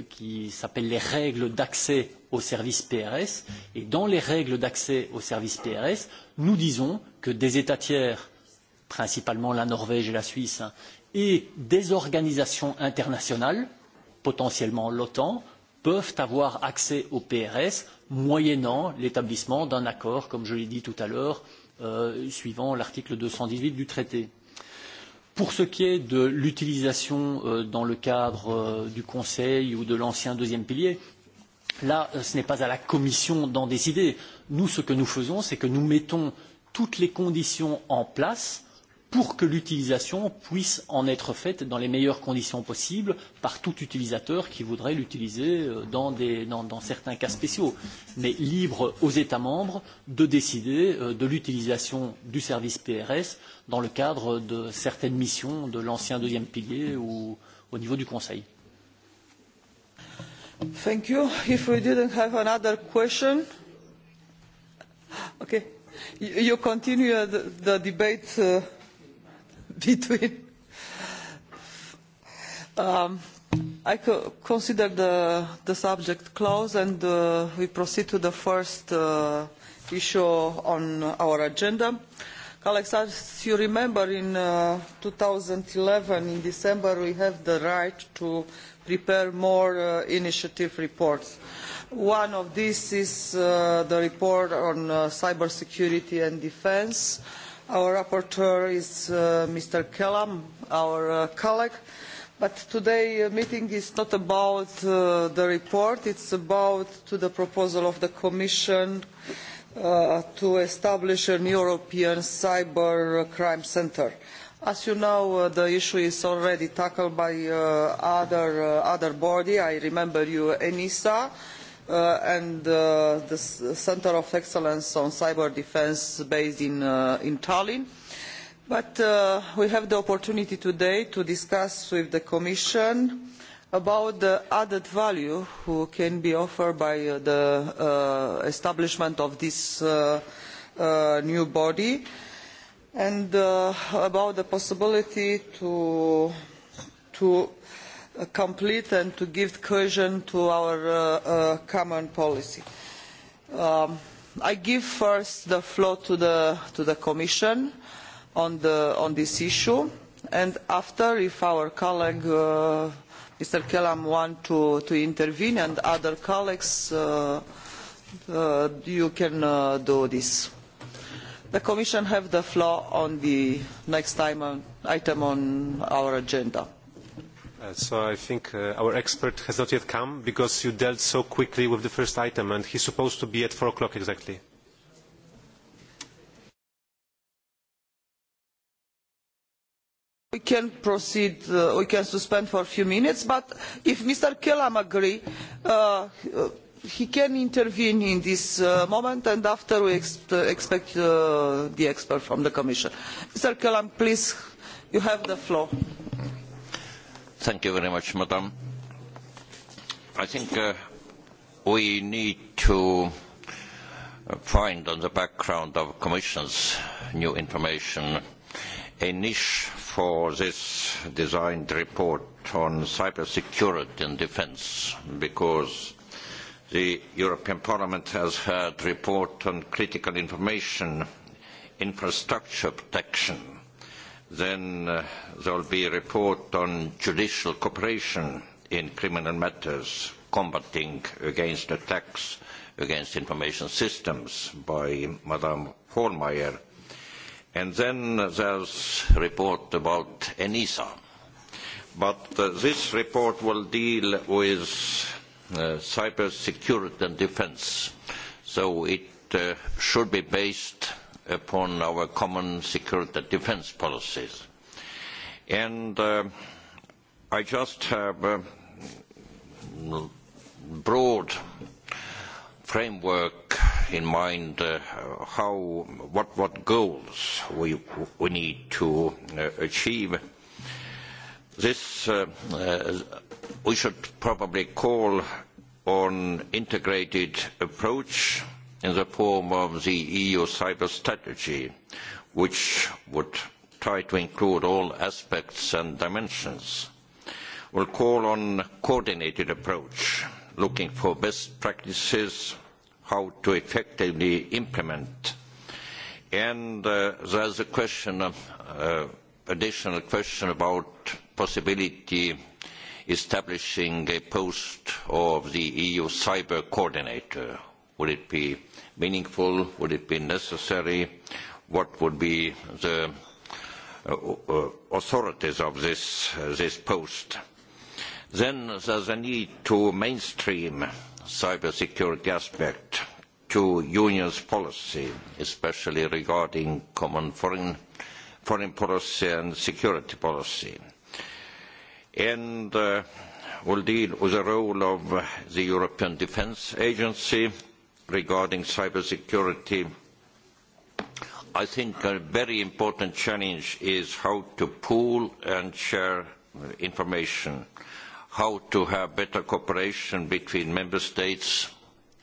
qui, s'appelle les règles d'accès aux services PRS. Et dans les règles d'accès aux services PRS, nous disons que des États tiers, principalement la Norvège et la Suisse, et des organisations internationales, potentiellement l'OTAN, peuvent avoir accès au PRS moyennant l'établissement d'un accord, comme je l'ai dit tout à l'heure, suivant l'article deux cent dix huit du traité. Pour ce qui est de l'utilisation dans le cadre du Conseil ou de l'ancien deuxième pilier, là, ce n'est pas à la Commission d'en décider. Nous, ce que nous faisons, c'est que nous mettons toutes les conditions en place pour que l'utilisation puisse en être faite dans les meilleures conditions possibles par tout utilisateur qui voudrait l'utiliser dans, des, dans, dans certains cas spéciaux, mais libre aux États membres de décider de l'utilisation du service PRS dans le cadre de certaines missions de l'ancien deuxième pilier ou au niveau du Conseil. Thank you. If we didn't have another question, okay, you continue the, the debate. Uh between. Um, I co consider the, the subject closed and uh, we proceed to the first uh, issue on our agenda. Colleagues, as you remember, in uh, 2011, in December, we have the right to prepare more uh, initiative reports. One of these is uh, the report on uh, cybersecurity and defense. Uh, Our rapporteur is Mr. Kelam, our colleague. But today's meeting is not about the report, it is about the proposal of the Commission to establish a European Cyber Crime Centre. As you know, the issue is already tackled by another body. I remember you, ENISA and the Centre of Excellence on Cyber Defence based in, Tallinn. But we have the opportunity today to discuss with the Commission about the added value that can be offered by the establishment of this new body and about the possibility to complete and to give cohesion to our common policy. I give first the floor to the Commission on this issue, and after, if our colleague Mr. Kelam wants to intervene and other colleagues, you can do this. The Commission has the floor on the next item on our agenda so I think our expert has not yet come because you dealt so quickly with the first item and he's supposed to be at four o'clock exactly. We can proceed, we can suspend for a few minutes, but if Mr. Kellam agrees, he can intervene in this moment and after we expect the expert from the Commission. Mr. kelam please, you have the floor. Thank you very much, Madam. I think uh, we need to find on the background of Commission's new information a niche for this designed report on cybersecurity and defence because the European Parliament has had a report on critical information infrastructure protection Then there will be a report on judicial cooperation in criminal matters, combating against attacks against information systems by Madame Hohlmeier. And then there's a report about ENISA. But this report will deal with cyber security and defence, So it should be based upon our common security and defence policies. And I just have a broad framework in mind how what what goals we we need to achieve. This we should probably call on integrated approach in the form of the EU cyber strategy, which would try to include all aspects and dimensions, will call on a coordinated approach, looking for best practices, how to effectively implement. And there is a question, uh, additional question about possibility establishing a post of the EU cyber coordinator Would it be meaningful? Would it be necessary? What would be the authorities of this, this post? Then there's a need to mainstream cybersecurity aspect to Union's policy, especially regarding common foreign, foreign policy and security policy. And uh, will deal with the role of the European Defence Agency regarding cybersecurity. I think a very important challenge is how to pool and share information, how to have better cooperation between member states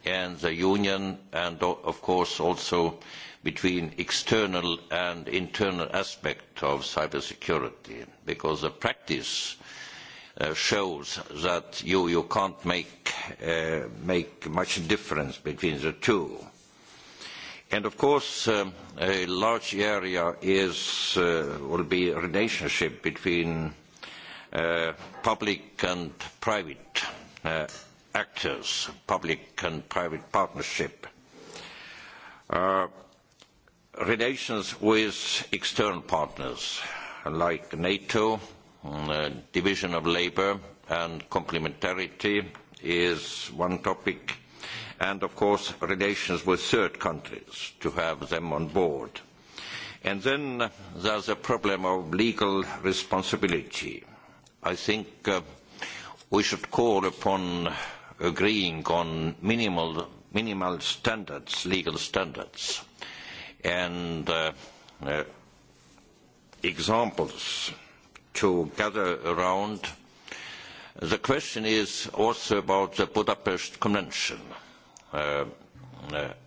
and the union, and of course also between external and internal aspects of cybersecurity, because the practice shows that you, you can't make, uh, make much difference between the two. And of course, um, a large area is, uh, will be a relationship between uh, public and private uh, actors, public and private partnership. Uh, relations with external partners like NATO, division of labour and complementarity is one topic, and of course relations with third countries, to have them on board. And then there's a problem of legal responsibility. I think we should call upon agreeing on minimal, minimal standards, legal standards, and examples to gather around. The question is also about the Budapest Convention.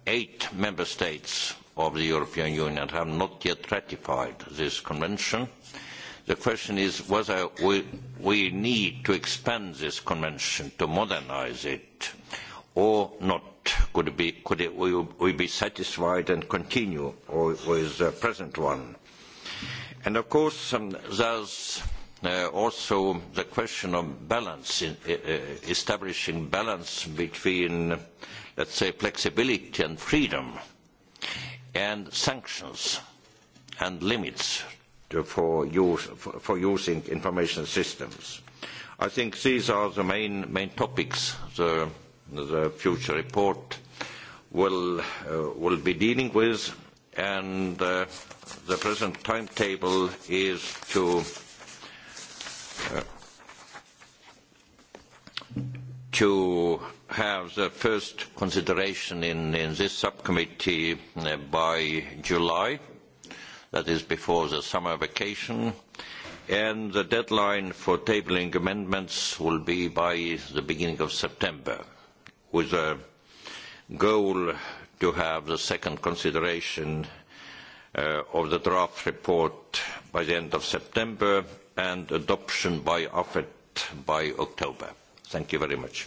eight member states of the European Union have not yet ratified this convention. The question is whether we, need to expand this convention to modernise it or not. Could, we be satisfied and continue with the present one? And of course, there there's also the question of balance, establishing balance between, let's say, flexibility and freedom, and sanctions and limits for, using information systems. I think these are the main, topics the, future report will, be dealing with, and the present timetable is to have the first consideration in, this subcommittee by July, that is before the summer vacation, and the deadline for tabling amendments will be by the beginning of September, with a goal to have the second consideration of the draft report by the end of September and adoption by AFET by October. Thank you very much.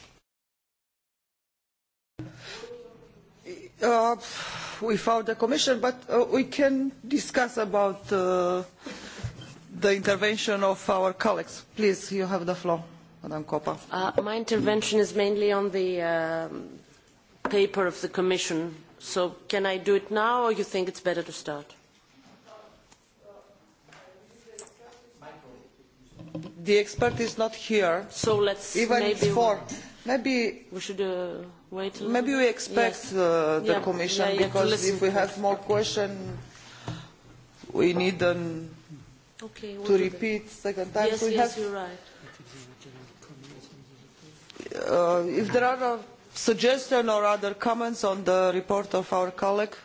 without the Commission, but we can discuss about the intervention of our colleagues. Please, you have the floor, Madam Koppa. my intervention is mainly on the paper of the Commission So can I do it now, or you think it's better to start? The expert is not here. So let's even maybe it's four. Maybe we should uh, wait. A maybe we expect yes. uh, the yeah, commission yeah, because if we have more questions, we need them okay, to repeat second time. Yes, so we yes, have, you're right. Uh, if there are Uh, suggestion or other comments on the report of our colleague?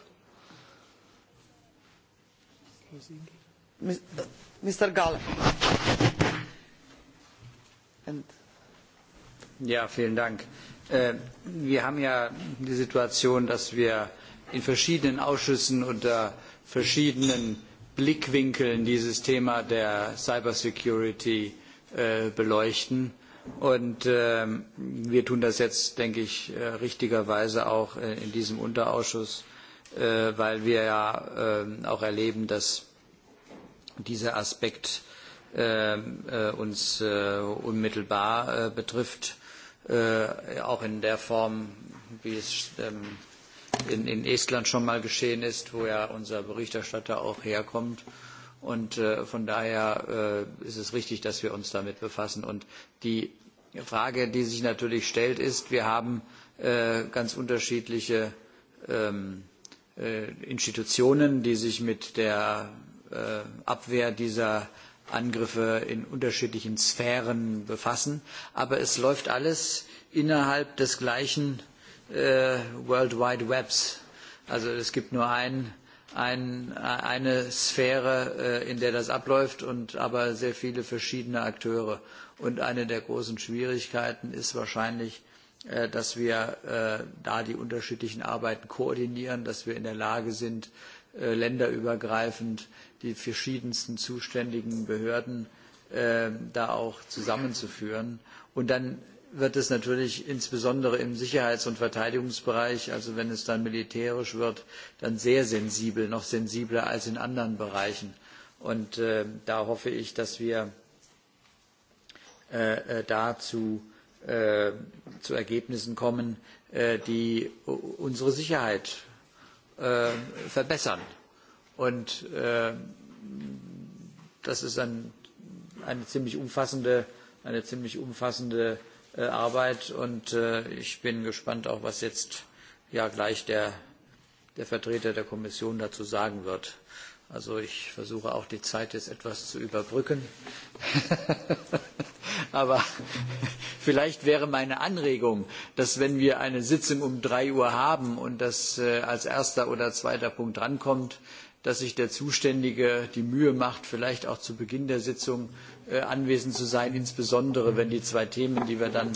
Mr. Galler. Ja, vielen Dank. Wir haben ja die Situation, dass wir in verschiedenen Ausschüssen unter verschiedenen Blickwinkeln dieses Thema der Cybersecurity beleuchten Und wir tun das jetzt, denke ich, richtigerweise auch in diesem Unterausschuss, weil wir ja auch erleben, dass dieser Aspekt uns unmittelbar betrifft, auch in der Form, wie es in, Estland schon mal geschehen ist, wo ja unser Berichterstatter auch herkommt. Und von daher ist es richtig, dass wir uns damit befassen. Und die Frage, die sich natürlich stellt, ist, wir haben ganz unterschiedliche Institutionen, die sich mit der Abwehr dieser Angriffe in unterschiedlichen Sphären befassen. Aber es läuft alles innerhalb des gleichen World Wide Webs. Also es gibt nur ein, eine Sphäre, in der das abläuft, und aber sehr viele verschiedene Akteure. Und eine der großen Schwierigkeiten ist wahrscheinlich, dass wir da die unterschiedlichen Arbeiten koordinieren, dass wir in der Lage sind, länderübergreifend die verschiedensten zuständigen Behörden da auch zusammenzuführen. Und dann wird es natürlich insbesondere im Sicherheits- und Verteidigungsbereich, also wenn es dann militärisch wird, dann sehr sensibel, noch sensibler als in anderen Bereichen. Und da hoffe ich, dass wir da zu, Ergebnissen kommen, die unsere Sicherheit verbessern. Und das ist eine ziemlich umfassende, eine ziemlich umfassende Arbeit und ich bin gespannt auch, was jetzt ja gleich der, Vertreter der Kommission dazu sagen wird. Also ich versuche auch die Zeit jetzt etwas zu überbrücken. Aber vielleicht wäre meine Anregung, dass wenn wir eine Sitzung um drei Uhr haben und das als erster oder zweiter Punkt drankommt, dass sich der Zuständige die Mühe macht, vielleicht auch zu Beginn der Sitzung anwesend zu sein, insbesondere wenn die zwei Themen, die wir dann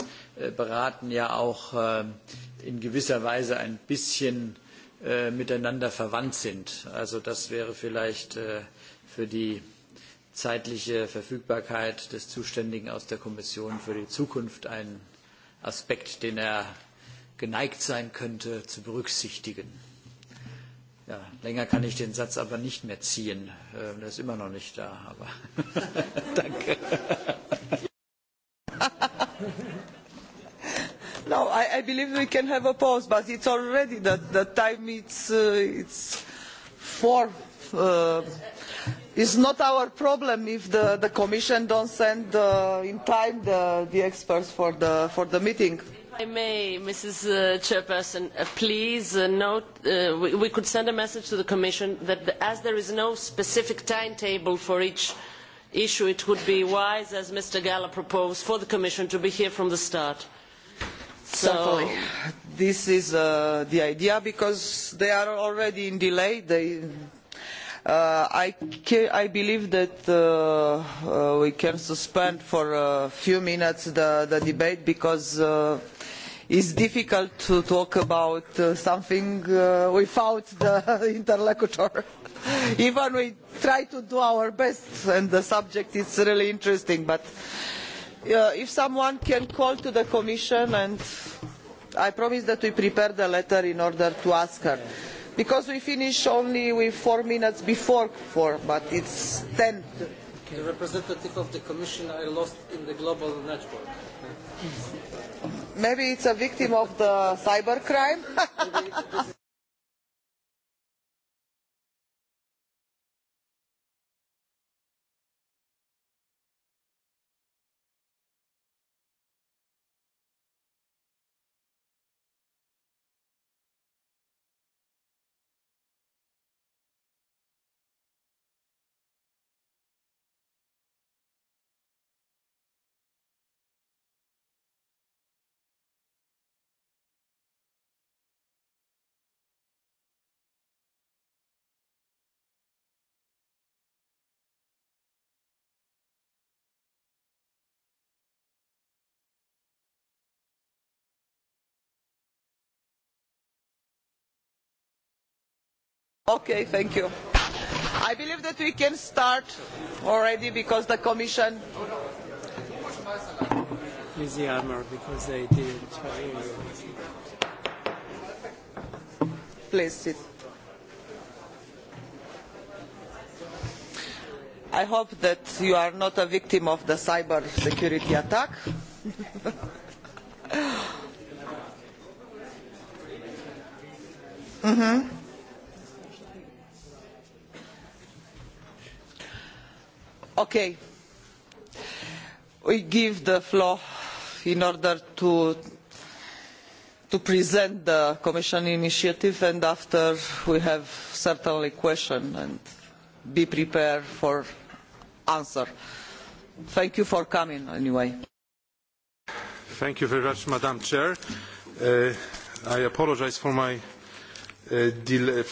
beraten, ja auch in gewisser Weise ein bisschen miteinander verwandt sind. Also das wäre vielleicht für die zeitliche Verfügbarkeit des Zuständigen aus der Kommission für die Zukunft ein Aspekt, den er geneigt sein könnte zu berücksichtigen. Ja, länger kann ich den Satz aber nicht mehr ziehen. Der ist immer noch nicht da, aber danke. No, I, believe we can have a pause, but it is already the time It is four. it is not our problem if the, Commission does not send in time the, experts for the meeting. If I may, Ms Chairperson, please note we, could send a message to the Commission that as there is no specific timetable for each issue, it would be wise, as Mr. Galla proposed, for the Commission to be here from the start So this is uh the idea because they are already in delay. They, uh I I believe that uh we can suspend for a few minutes the the debate because uh it's difficult to talk about uh something uh without the interlocutor. Even we try to do our best and the subject is really interesting, but if someone can call to the commission and i promise that we prepared the letter in order to ask her because we finish only with four minutes before four but it's ten the representative of the commission i lost in the global network maybe it's a victim of the cyber crime Okay, thank you. I believe that we can start already because the Commission. Use armor because they didn't hire you. Please sit. I hope that you are not a victim of the cyber security attack. mm-hmm. Okay. We give the floor in order to to present the Commission initiative, and after we have certainly question and be prepared for answer. Thank you for coming anyway. Thank you very much, Madam Chair. I apologise for my for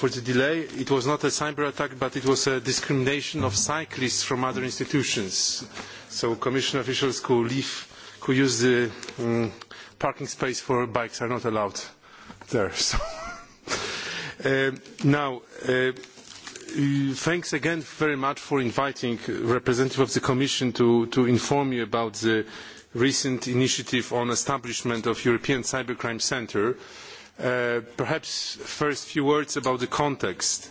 the delay. It was not a cyber attack, but it was a discrimination of cyclists from other institutions. So commission officials who leave, who use the parking space for bikes are not allowed there. So. now, thanks again very much for inviting representative of the Commission to, to inform you about the recent initiative on establishment of European Cybercrime Centre. Uh, Perhaps first few words about the context.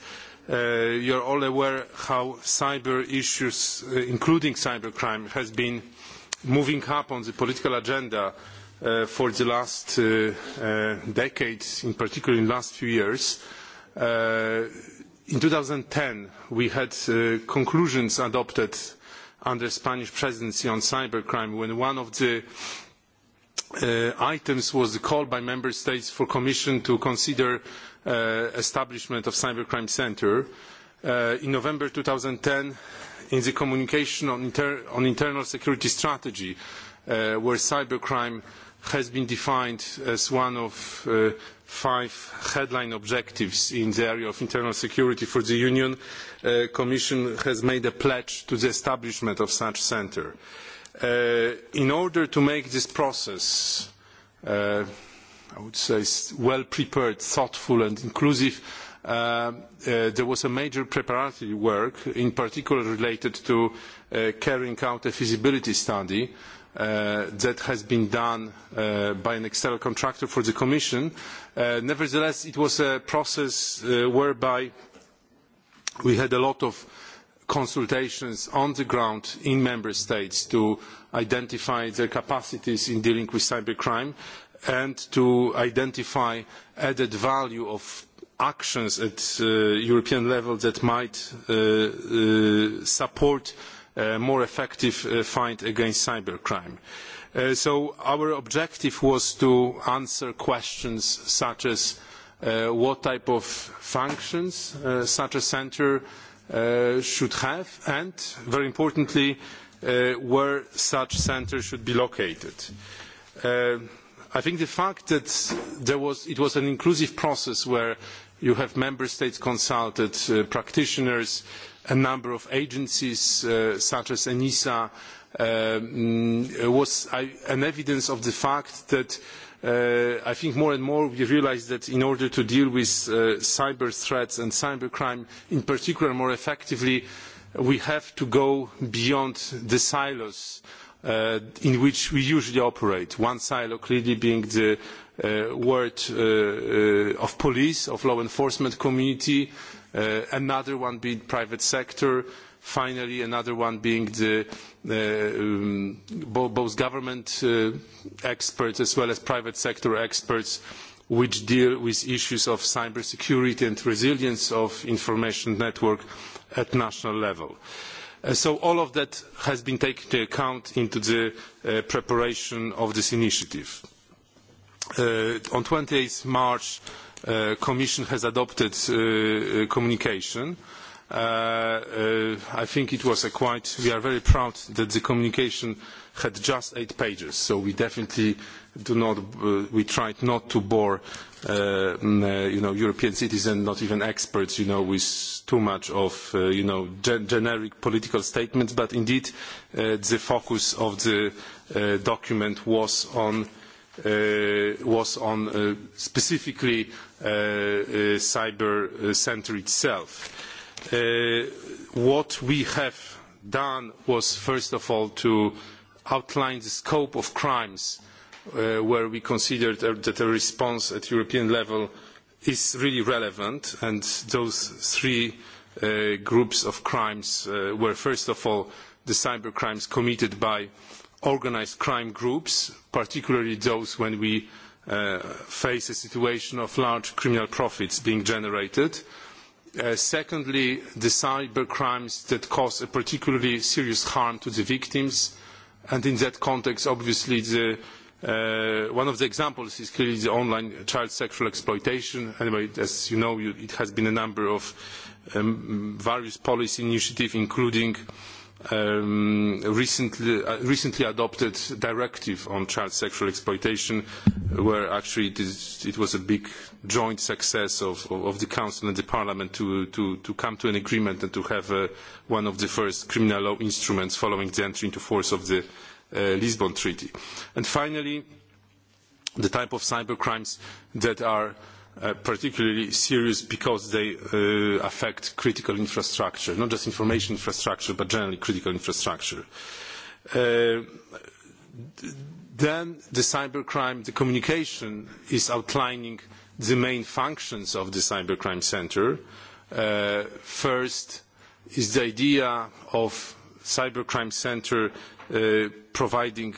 You are all aware how cyber issues, including cybercrime, has been moving up on the political agenda for the last decades, in particular in the last few years. In ten we had conclusions adopted under the Spanish presidency on cybercrime when one of the items was the call by member states for commission to consider establishment of cybercrime centre. in November 2010, in the communication on, internal security strategy, where cybercrime has been defined as one of five headline objectives in the area of internal security for the Union, the Commission has made a pledge to the establishment of such centre. Uh, in order to make this process, I would say, well prepared, thoughtful, and inclusive, there was a major preparatory work, in particular related to carrying out a feasibility study that has been done by an external contractor for the Commission. Nevertheless, it was a process whereby we had a lot of consultations on the ground in member states to identify their capacities in dealing with cybercrime and to identify added value of actions at European level that might support a more effective fight against cybercrime. So our objective was to answer questions such as what type of functions such a centre should have and, very importantly, where such centres should be located. I think the fact that it was an inclusive process where you have member states consulted, practitioners, uh, a number of agencies such as ENISA was an evidence of the fact that I think more and more we realise that in order to deal with cyber threats and cybercrime in particular more effectively, we have to go beyond the silos in which we usually operate. One silo clearly being the world of police, of law enforcement community, another one being private sector, finally another one being the both government experts as well as private sector experts which deal with issues of cybersecurity and resilience of information network at national level. So all of that has been taken into account into the preparation of this initiative. On 28 March, Commission has adopted communication. I think it was a quite, we are very proud that the communication had just eight pages, so we definitely do not, we tried not to bore, European citizens, not even experts, you know, with too much of, generic political statements, but indeed, the focus of the document was on was on specifically cyber centre itself. What we have done was, first of all, to outline the scope of crimes where we considered that a response at European level is really relevant, and those three groups of crimes were, first of all, the cyber crimes committed by organised crime groups, particularly those when we face a situation of large criminal profits being generated. secondly, the cyber crimes that cause a particularly serious harm to the victims. And in that context, obviously, one of the examples is clearly the online child sexual exploitation. Anyway, as you know, it has been a number of various policy initiatives, including uh, recently adopted directive on child sexual exploitation, where actually it, was a big joint success of, the Council and the Parliament to, come to an agreement and to have one of the first criminal law instruments following the entry into force of the Lisbon Treaty. And finally, the type of cybercrimes that are particularly serious because they affect critical infrastructure, not just information infrastructure, but generally critical infrastructure. Then the cybercrime, the communication is outlining the main functions of the cybercrime center. First is the idea of cybercrime center providing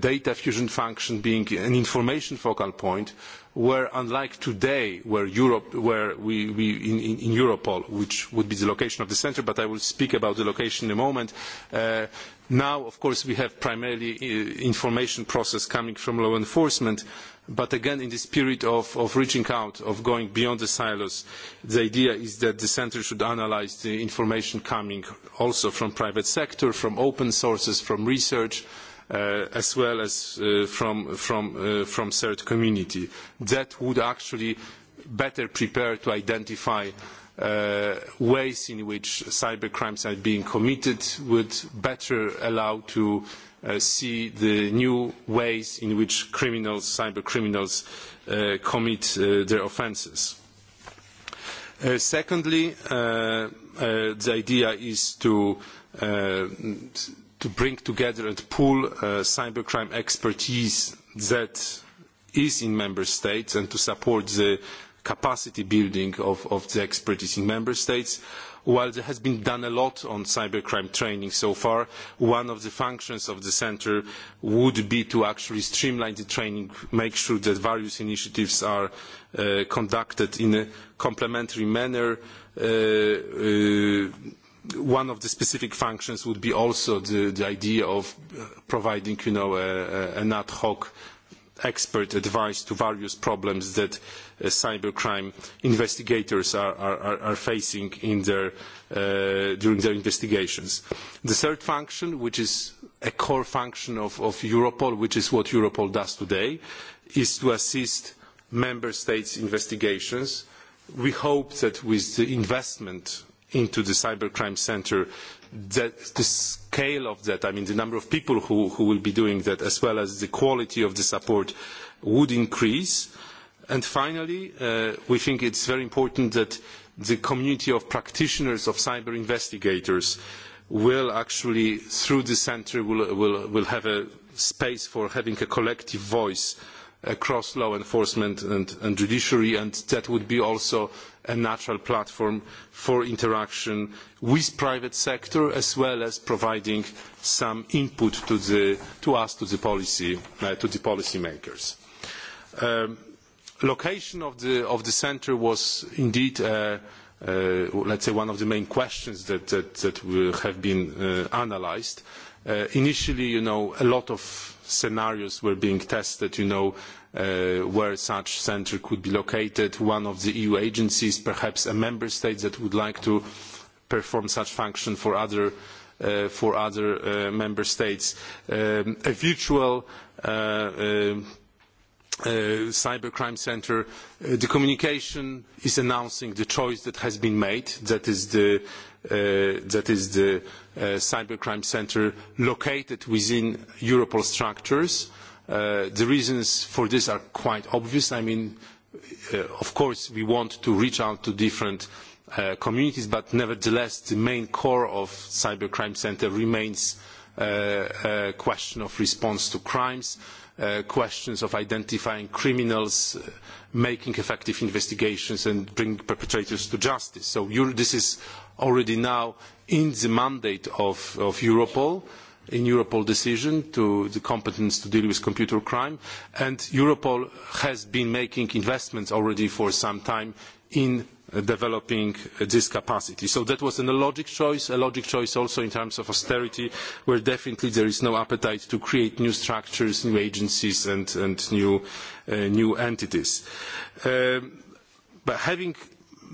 data fusion function being an information focal point where unlike today where Europe where we, we in, in, Europol which would be the location of the centre but I will speak about the location in a moment now of course we have primarily information process coming from law enforcement uh, but again in the spirit of, reaching out, of going beyond the silos, the idea is that the centre should analyse the information coming also from the private sector, from open sources, from research, as well as from, from, third community. That would actually better prepare to identify ways in which cyber crimes are being committed, would better allow to see the new ways in which criminals, cyber criminals, commit their offences. secondly, the idea is to bring together and pool cybercrime expertise that is in member states and to support the capacity building of the expertise in member states. Uh, While there has been done a lot on cybercrime training so far, one of the functions of the centre would be to actually streamline the training, make sure that various initiatives are conducted in a complementary manner. one of the specific functions would be also the, idea of providing, an ad hoc expert advice to various problems that cybercrime investigators are, facing during their investigations. The third function, which is a core function of, Europol, which is what Europol does today, is to assist member states' investigations. We hope that with the investment into the cybercrime centre, that the scale of that, I mean the number of people who, will be doing that, as well as the quality of the support would increase And finally, we think it is very important that the community of practitioners of cyber investigators will actually, through the centre, will, have a space for having a collective voice across law enforcement and, judiciary, and that would be also a natural platform for interaction with the private sector, as well as providing some input to, us, to the policy, to the policymakers location of the of the center was indeed uh, uh, let's say one of the main questions that that, that have been uh, analyzed uh, initially you know a lot of scenarios were being tested you know uh, where such center could be located one of the EU agencies perhaps a member state that would like to perform such function for other uh, for other uh, member states um, a virtual uh, uh, cybercrime centre. the communication is announcing the choice that has been made. That is the cybercrime centre located within Europol structures. the reasons for this are quite obvious. I mean, of course, we want to reach out to different communities, but nevertheless, the main core of cybercrime centre remains a question of response to crimes questions of identifying criminals, making effective investigations and bringing perpetrators to justice. So this is already now in the mandate of, Europol, in Europol decision to the competence to deal with computer crime. And Europol has been making investments already for some time in developing this capacity. So that was a logic choice, a logic choice also in terms of austerity, where definitely there is no appetite to create new structures, new agencies, and new entities. But having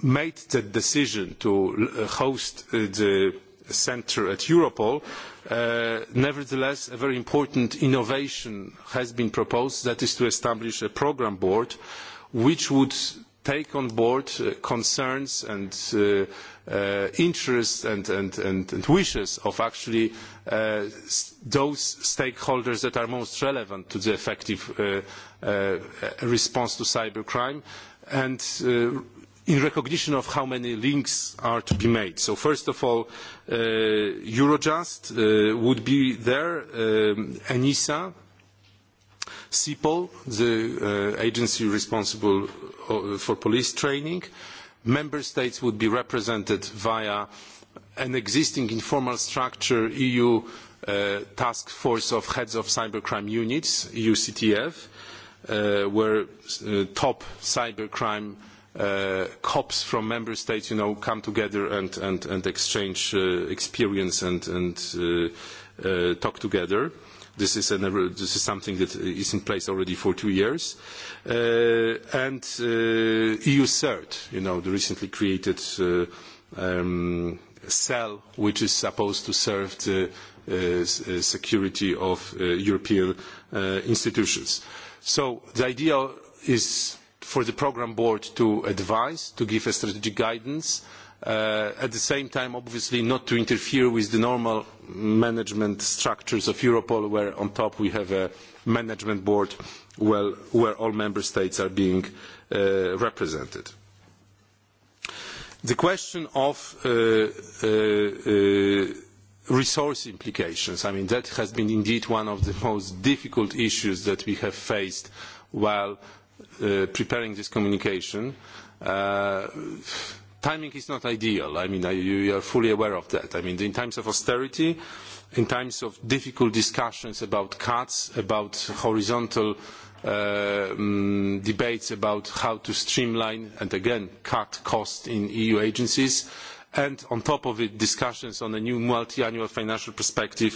made the decision to host the centre at Europol, nevertheless, a very important innovation has been proposed, that is to establish a programme board, which would take on board concerns and interests and, wishes of actually those stakeholders that are most relevant to the effective response to cybercrime and in recognition of how many links are to be made. So first of all, Eurojust would be there, ENISA, CEPOL, the agency responsible for police training. Member states would be represented via an existing informal structure, EU Task Force of Heads of Cybercrime Units, EUCTF, where top cybercrime cops from member states come together and exchange experience and talk together This is, an, this is something that is in place already for two years. and EU CERT, you know, the recently created cell which is supposed to serve the security of European institutions. So the idea is for the programme board to advise, to give a strategic guidance, at the same time, obviously, not to interfere with the normal management structures of Europol, where on top we have a management board where all member states are being represented. The question of resource implications, I mean, that has been indeed one of the most difficult issues that we have faced while preparing this communication timing is not ideal. I mean, you are fully aware of that. I mean, in times of austerity, in times of difficult discussions about cuts, about horizontal debates about how to streamline and again cut costs in EU agencies, and on top of it, discussions on a new multiannual financial perspective,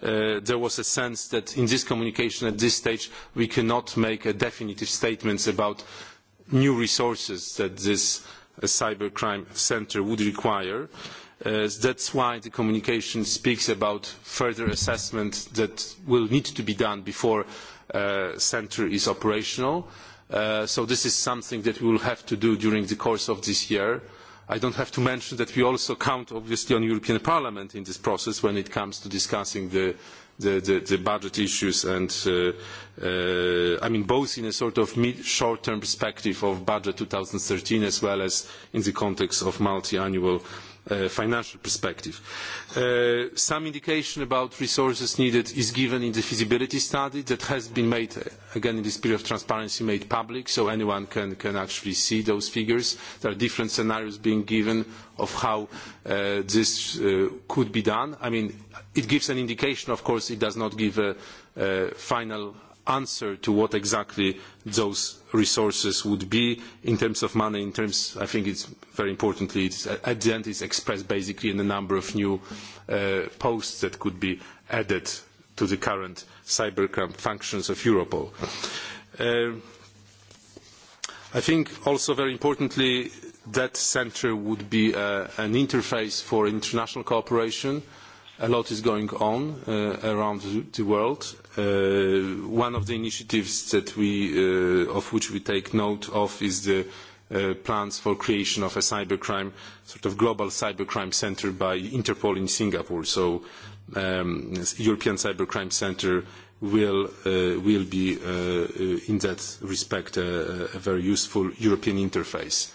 there was a sense that in this communication at this stage, we cannot make definitive statements about new resources that this a cybercrime centre would require. That is why the communication speaks about further assessment that will need to be done before the centre is operational. So this is something that we will have to do during the course of this year. I don't have to mention that we also count obviously on the European Parliament in this process when it comes to discussing the the, the, the budget issues and I mean both in a sort of mid short-term perspective of budget 2013 as well as in the context of multi-annual financial perspective. some indication about resources needed is given in the feasibility study that has been made, again, in this period of transparency, made public, so anyone can, can actually see those figures. There are different scenarios being given of how this could be done. I mean, it gives an indication, of course, it does not give a final answer to what exactly those resources would be in terms of money, in terms, I think it's very importantly, it's, at the end it's expressed basically in the number of new posts that could be added to the current cybercrime functions of Europol. I think also very importantly, that centre would be an interface for international cooperation A lot is going on around the world. One of the initiatives that we, of which we take note of is the plans for creation of a cybercrime, sort of global cybercrime center by Interpol in Singapore. So European Cybercrime Center will be, in that respect, a very useful European interface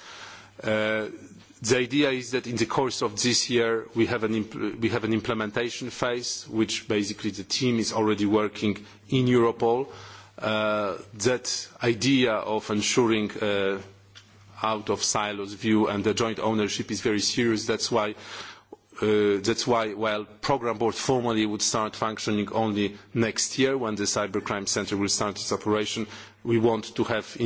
The idea is that in the course of this year, we have an implementation phase, which basically the team is already working in Europol. That idea of ensuring out of silos view and the joint ownership is very serious. That's why That is why, well, programme board formally would start functioning only next year when the cybercrime centre will start its operation. We want to have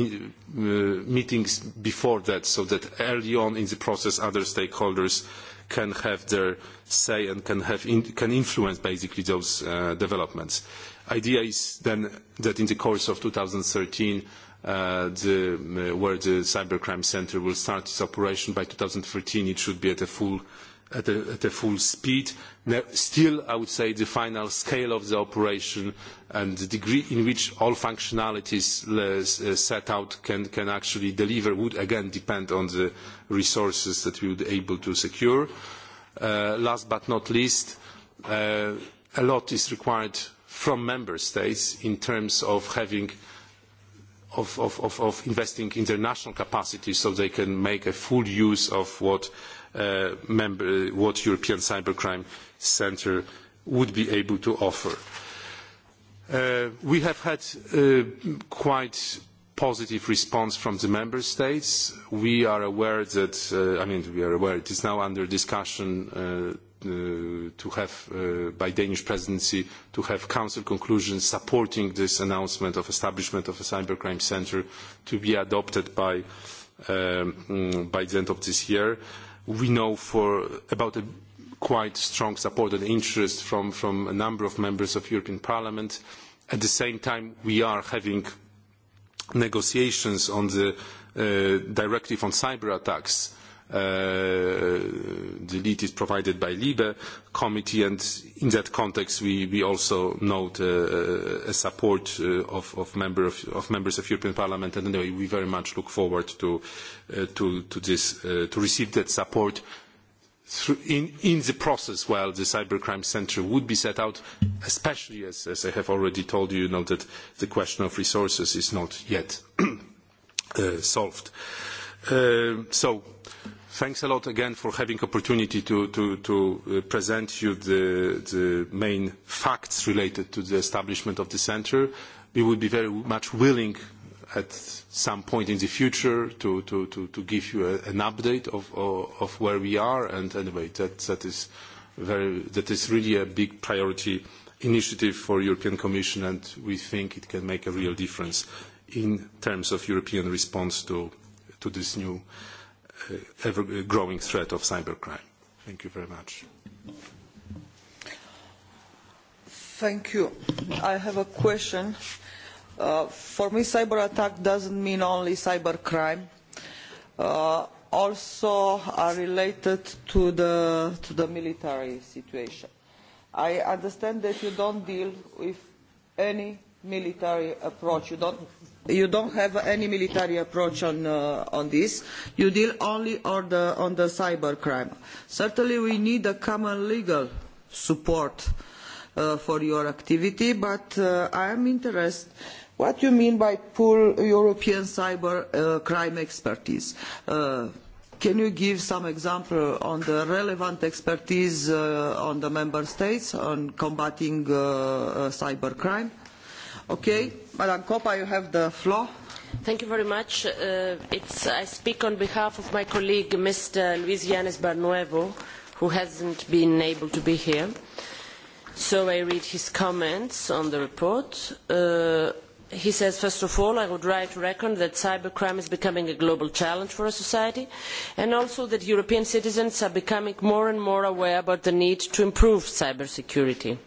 meetings before that so that early on in the process other stakeholders can have their say and can, have can influence basically those developments. The Idea is then that in the course of 2013 the, where the cybercrime centre will start its operation by 2013 it should be at a full at a full speed. Still, I would say the final scale of the operation and the degree in which all functionalities set out can actually deliver would again depend on the resources that we would be able to secure. Last but not least, a lot is required from member states in terms of having of investing international capacity so they can make a full use of what what European Cybercrime Centre would be able to offer. We have had quite positive response from the member states. We are aware that, I mean, we are aware it is now under discussion to have by Danish presidency to have council conclusions supporting this announcement of establishment of a cybercrime centre to be adopted by the end of this year we know for about a quite strong support and interest from, from a number of members of European Parliament. At the same time, we are having negotiations on the directive on cyber attacks the lead is provided by LIBE committee, and in that context, we also note a support of members of European Parliament. and Anyway, we very much look forward to this, to receive that support in the process while the cybercrime centre would be set out, especially as I have already told you that the question of resources is not yet solved. So Thanks a lot again for having opportunity to present you the main facts related to the establishment of the center. We would be very much willing at some point in the future to give you an update of where we are. and Anyway, that is really a big priority initiative for European Commission, and we think it can make a real difference in terms of European response to this new ever-growing threat of cybercrime. Thank you very much. Thank you. I have a question. for me, cyber attack doesn't mean only cybercrime. Uh, also are related to the, to the military situation. I understand that you don't deal with any military approach. You don't you do not have any military approach on this you deal only on the cybercrime. certainly we need a common legal support for your activity but i am interested in what you mean by poor european cybercrime expertise. can you give some examples on the relevant expertise on the member states on combating cybercrime? Okay, Madam Coppa, you have the floor. Thank you very much. I speak on behalf of my colleague, Mr. Luis Yanes Barnuevo, who hasn't been able to be here. So I read his comments on the report. he says, first of all, I would like to reckon that cybercrime is becoming a global challenge for a society, and also that European citizens are becoming more and more aware about the need to improve cybersecurity. security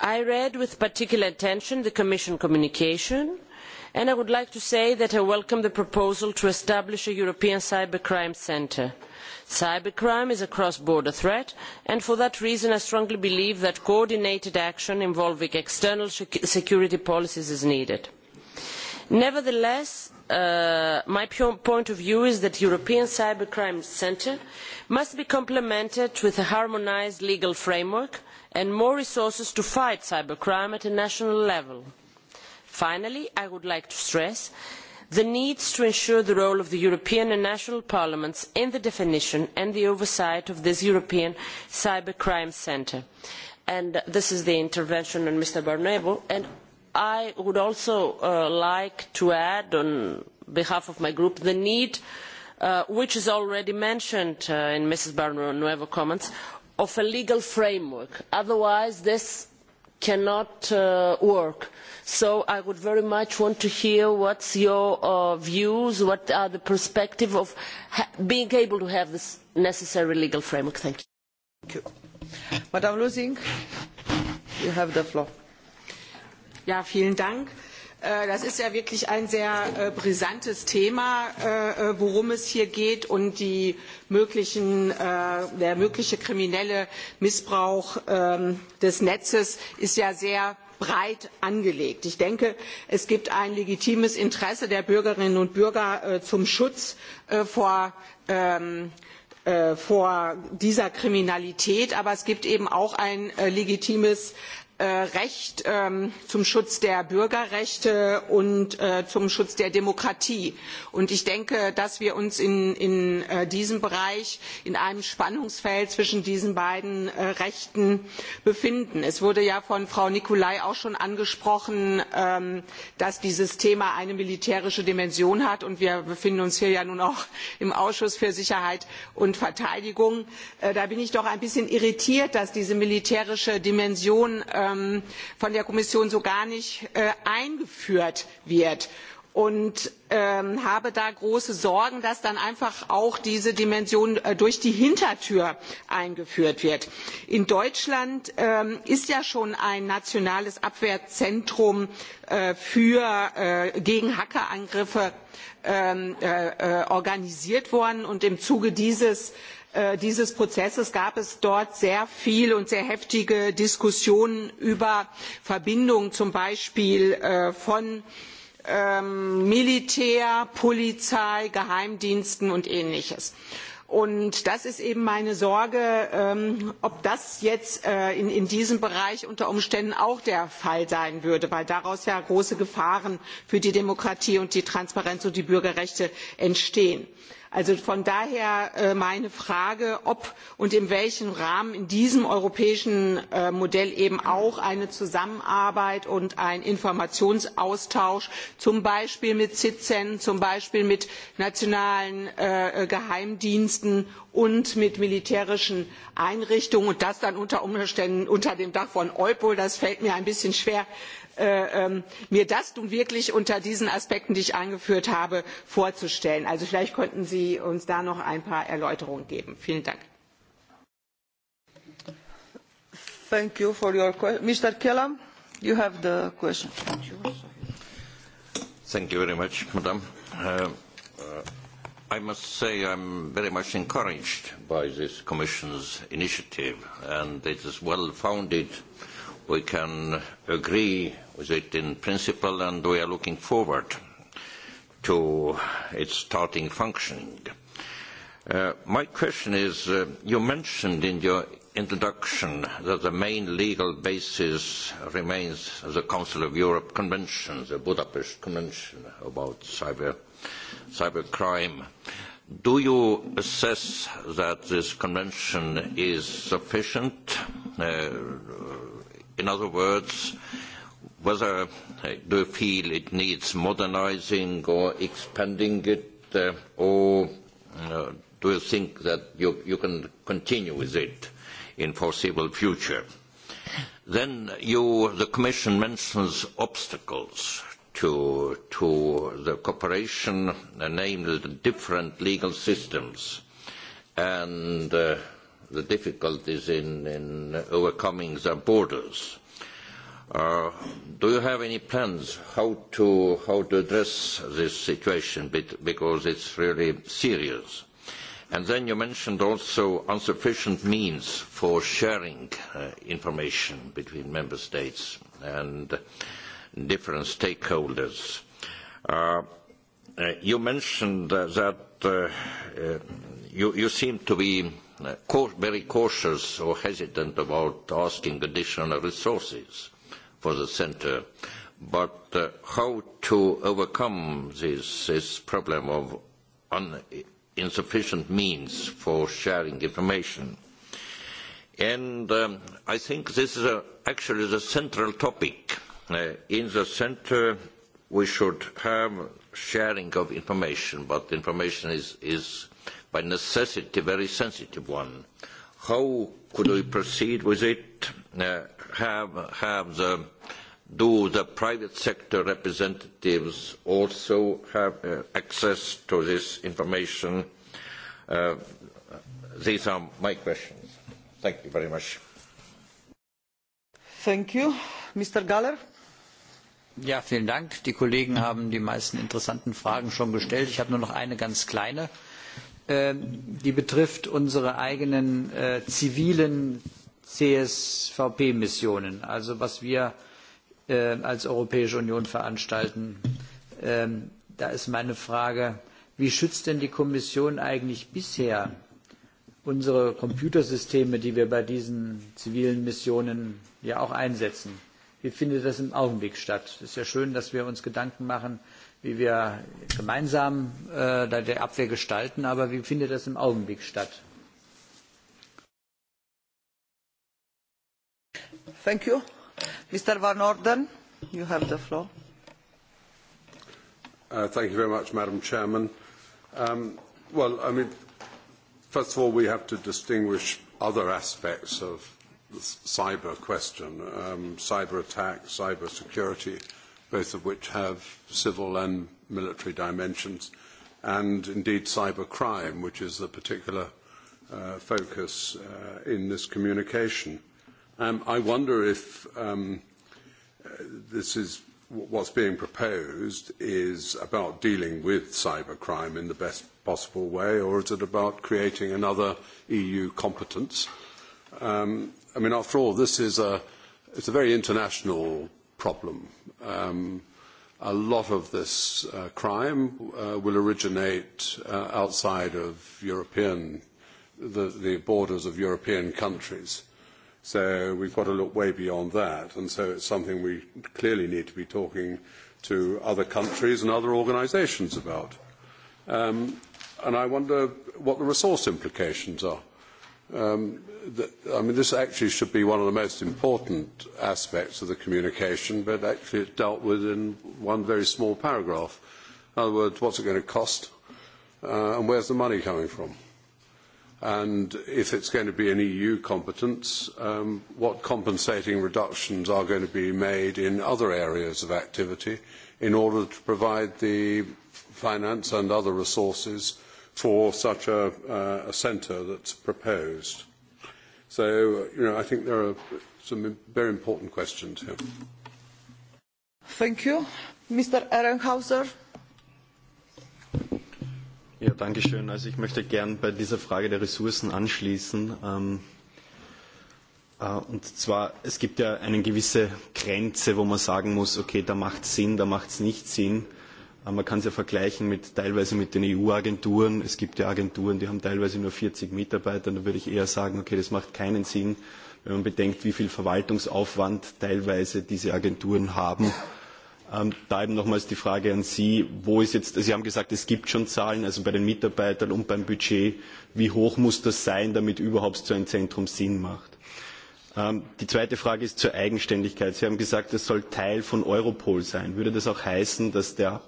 i read with particular attention the commission communication and i would like to say that i welcome the proposal to establish a european cybercrime centre. cybercrime is a cross border threat and for that reason i strongly believe that coordinated action involving external security policies is needed. nevertheless my point of view is that the european cybercrime centre must be complemented with a harmonised legal framework and more resources to fight cybercrime at a national level. finally i would like to stress the need to ensure the role of the european and national parliaments in the definition and the oversight of this european cybercrime centre. this is the intervention of mr barnier and i would also like to add on behalf of my group the need which is already mentioned in mrs barnier's comments of a legal framework otherwise this cannot work. so i would very much want to hear what are your views what are the perspectives of being able to have this necessary legal framework. thank you. Das ist ja wirklich ein sehr brisantes Thema, worum es hier geht und der mögliche kriminelle Missbrauch des Netzes ist ja sehr breit angelegt. Ich denke, es gibt ein legitimes Interesse der Bürgerinnen und Bürger zum Schutz vor vor dieser Kriminalität, aber es gibt eben auch ein legitimes recht zum schutz der bürgerrechte und zum schutz der demokratie. ich denke dass wir uns in diesem bereich in einem spannungsfeld zwischen diesen beiden rechten befinden. es wurde ja von frau nicolai auch schon angesprochen dass dieses thema eine militärische dimension hat und wir befinden uns hier ja nun auch im ausschuss für sicherheit und verteidigung. da bin ich doch ein bisschen irritiert dass diese militärische dimension von der kommission so gar nicht eingeführt wird und habe da große sorgen dass dann einfach auch diese dimension durch die hintertür eingeführt wird. in deutschland ist ja schon ein nationales abwehrzentrum gegen hackerangriffe organisiert worden und im zuge dieses dieses prozesses gab es dort sehr viel und sehr heftige diskussionen über verbindungen zum beispiel von militär polizei geheimdiensten und ähnlichem. das ist eben meine sorge ob das jetzt in diesem bereich unter umständen auch der fall sein würde weil daraus ja große gefahren für die demokratie und die transparenz und die bürgerrechte entstehen. Also von daher meine Frage, ob und in welchem Rahmen in diesem europäischen Modell eben auch eine Zusammenarbeit und ein Informationsaustausch zum Beispiel mit CICEN, zum Beispiel mit nationalen Geheimdiensten und mit militärischen Einrichtungen und das dann unter Umständen unter dem Dach von Eupol. Das fällt mir ein bisschen schwer, mir das nun wirklich unter diesen Aspekten, die ich angeführt habe, vorzustellen. Also vielleicht könnten Sie uns da noch ein paar Erläuterungen geben. Vielen Dank. Thank you for your question. Mr. you have the question. Thank you very much, Madam. I must say I'm very much encouraged by this Commission's initiative, and it is well founded. We can agree with it in principle, and we are looking forward to its starting functioning. my question is, you mentioned in your introduction that the main legal basis remains the Council of Europe Convention, the Budapest Convention about cyber cybercrime. Do you assess that this convention is sufficient? in other words, whether do you feel it needs modernising or expanding it, or do you think that you, you can continue with it in foreseeable future? Then you, the Commission mentions obstacles to, to the cooperation, namely the different legal systems and uh, the difficulties in, in overcoming the borders. Uh, do you have any plans how to, how to address this situation because it's really serious? And then you mentioned also insufficient means for sharing uh, information between member states and different stakeholders. You mentioned that you seem to be very cautious or hesitant about asking additional resources for the centre, But how to overcome this problem of insufficient means for sharing information? And I think this is actually the central topic in the centre we should have sharing of information, but information is, is by necessity a very sensitive one. How could we proceed with it? have have the do the private sector representatives also have access to this information? these are my questions. Thank you very much. Thank you. Mr. Galler? vielen Dank. Die Kollegen haben die meisten interessanten Fragen schon gestellt. Ich habe nur noch eine ganz kleine. Die betrifft unsere eigenen zivilen CSVP-Missionen, also was wir als Europäische Union veranstalten. Da ist meine Frage, wie schützt denn die Kommission eigentlich bisher unsere Computersysteme, die wir bei diesen zivilen Missionen ja auch einsetzen? Wie findet das im Augenblick statt? Es ist ja schön, dass wir uns Gedanken machen, wie wir gemeinsam äh, die Abwehr gestalten, aber wie findet das im Augenblick statt? Thank you. Mr. Van Orden, you have the floor. Uh, thank you very much, Madam Chairman. Um, well, I mean, first of all, we have to distinguish other aspects of cyber question, um, cyber attack, cyber security, both of which have civil and military dimensions, and indeed cyber crime, which is the particular uh, focus uh, in this communication. Um, I wonder if um, this is what's being proposed is about dealing with cybercrime in the best possible way, or is it about creating another EU competence? Um, I mean, after all, this is a, it's a very international problem. Um, a lot of this uh, crime uh, will originate uh, outside of European, the, the borders of European countries. So we've got to look way beyond that. And so it's something we clearly need to be talking to other countries and other organisations about. Um, and I wonder what the resource implications are I mean, this actually should be one of the most important aspects of the communication, but actually it's dealt with in one very small paragraph. In other words, what's it going to cost uh, and where's the money coming from? And if it's going to be an EU competence, um, what compensating reductions are going to be made in other areas of activity in order to provide the finance and other resources for such a, uh, a centre that's proposed. So, you know, I think there are some very important questions here. Thank you. Mr. Ehrenhauser. Ja, danke schön. Also ich möchte gern bei dieser Frage der Ressourcen anschließen. Ähm, Und zwar, es gibt ja eine gewisse Grenze, wo man sagen muss, okay, da macht es Sinn, da macht es nicht Sinn. Man kann es ja vergleichen mit, teilweise mit den EU-Agenturen. Es gibt ja Agenturen, die haben teilweise nur vierzig Mitarbeiter. Da würde ich eher sagen, okay, das macht keinen Sinn, wenn man bedenkt, wie viel Verwaltungsaufwand teilweise diese Agenturen haben. Da eben nochmals die Frage an Sie, wo ist jetzt, Sie haben gesagt, es gibt schon Zahlen, also bei den Mitarbeitern und beim Budget, wie hoch muss das sein, damit überhaupt so ein Zentrum Sinn macht? Die zweite Frage ist zur Eigenständigkeit. Sie haben gesagt, es soll Teil von Europol sein. Würde das auch heißen, dass der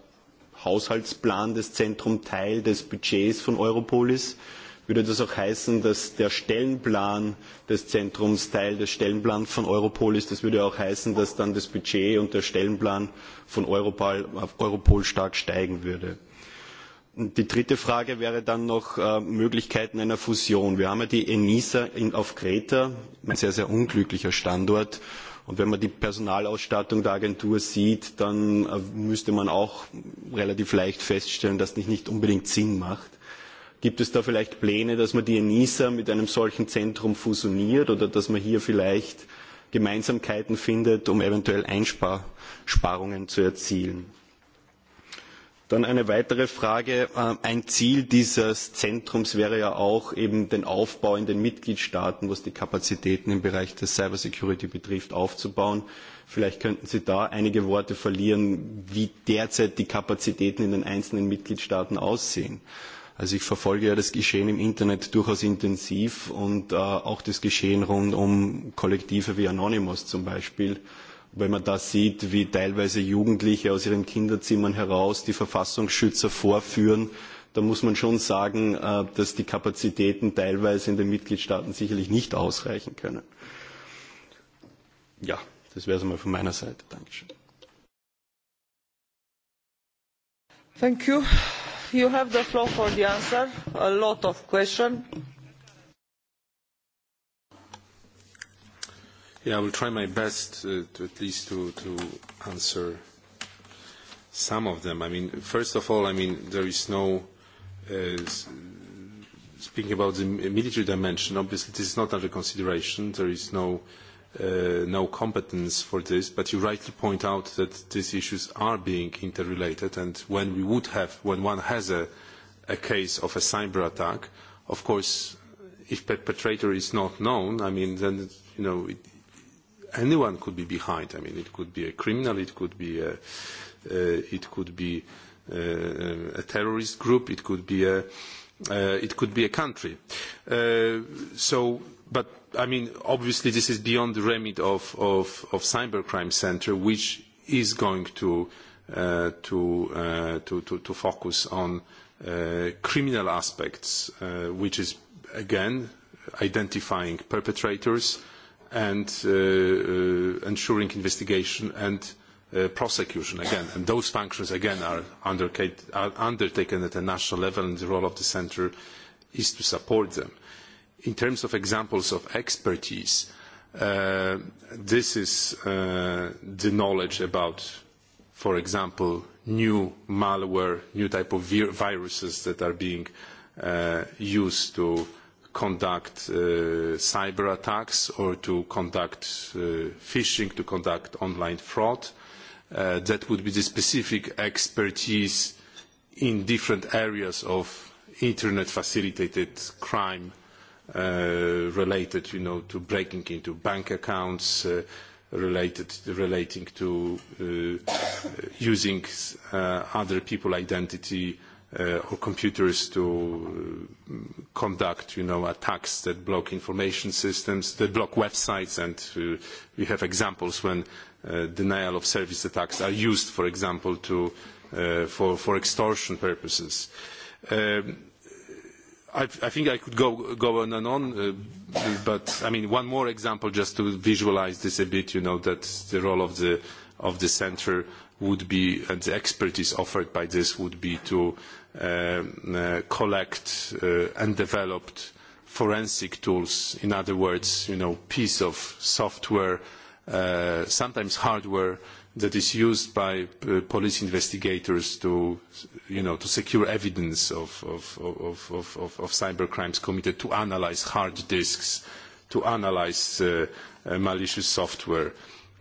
Haushaltsplan des Zentrum Teil des Budgets von Europol ist, würde das auch heißen, dass der Stellenplan des Zentrums Teil des Stellenplans von Europol ist. Das würde auch heißen, dass dann das Budget und der Stellenplan von Europol, stark steigen würde. Die dritte Frage wäre dann noch Möglichkeiten einer Fusion. Wir haben ja die ENISA auf Kreta, ein sehr, sehr unglücklicher Standort Und wenn man die Personalausstattung der Agentur sieht, dann müsste man auch relativ leicht feststellen, dass das nicht unbedingt Sinn macht. Gibt es da vielleicht Pläne, dass man die ENISA mit einem solchen Zentrum fusioniert oder dass man hier vielleicht Gemeinsamkeiten findet, um eventuell Einsparungen zu erzielen? Dann eine weitere Frage. Ein Ziel dieses Zentrums wäre ja auch eben den Aufbau in den Mitgliedstaaten, was die Kapazitäten im Bereich der Cybersecurity betrifft, aufzubauen. Vielleicht könnten Sie da einige Worte verlieren, wie derzeit die Kapazitäten in den einzelnen Mitgliedstaaten aussehen. Also ich verfolge ja das Geschehen im Internet durchaus intensiv und auch das Geschehen rund um Kollektive wie Anonymous zum Beispiel wenn man da sieht, wie teilweise Jugendliche aus ihren Kinderzimmern heraus die Verfassungsschützer vorführen, da muss man schon sagen, dass die Kapazitäten teilweise in den Mitgliedstaaten sicherlich nicht ausreichen können. Ja, das wäre es einmal von meiner Seite. Dankeschön. Thank you. You have the floor for the answer. A lot of questions. Yeah, I will try my best to at least to to answer some of them. I mean, first of all, I mean, there is no speaking about the military dimension, obviously this is not under consideration. There is no no competence for this, but you rightly point out that these issues are being interrelated, and when we would have, when one has a a case of a cyber attack, of course, if perpetrator is not known, I mean, then, you know, it anyone could be behind. I mean, it could be a criminal, it could be a, uh, it could be uh, a terrorist group, it could be a, uh, it could be a country. Uh, so, but I mean, obviously, this is beyond the remit of of, of cybercrime center, which is going to uh, to, uh, to to to focus on uh, criminal aspects, uh, which is again identifying perpetrators and ensuring investigation and prosecution again. And those functions again are, undertaken at a national level and the role of the centre is to support them. In terms of examples of expertise, this is the knowledge about, for example, new malware, new type of viruses that are being used to conduct cyber attacks or to conduct phishing, to conduct online fraud. That would be the specific expertise in different areas of internet-facilitated crime related to breaking into bank accounts, relating to using other people's identity or computers to conduct, you know, attacks that block information systems, that block websites, and we have examples when denial of service attacks are used, for example, to for for extortion purposes. I think I could go on and on, but I mean, one more example just to visualize this a bit, you know, that the role of the of the center would be, and the expertise offered by this would be to collect and develop forensic tools. In other words, you know, piece of software, sometimes hardware, that is used by police investigators to, you know, to secure evidence of, of, of, of, of, of cyber crimes committed, to analyze hard disks, to analyze malicious software,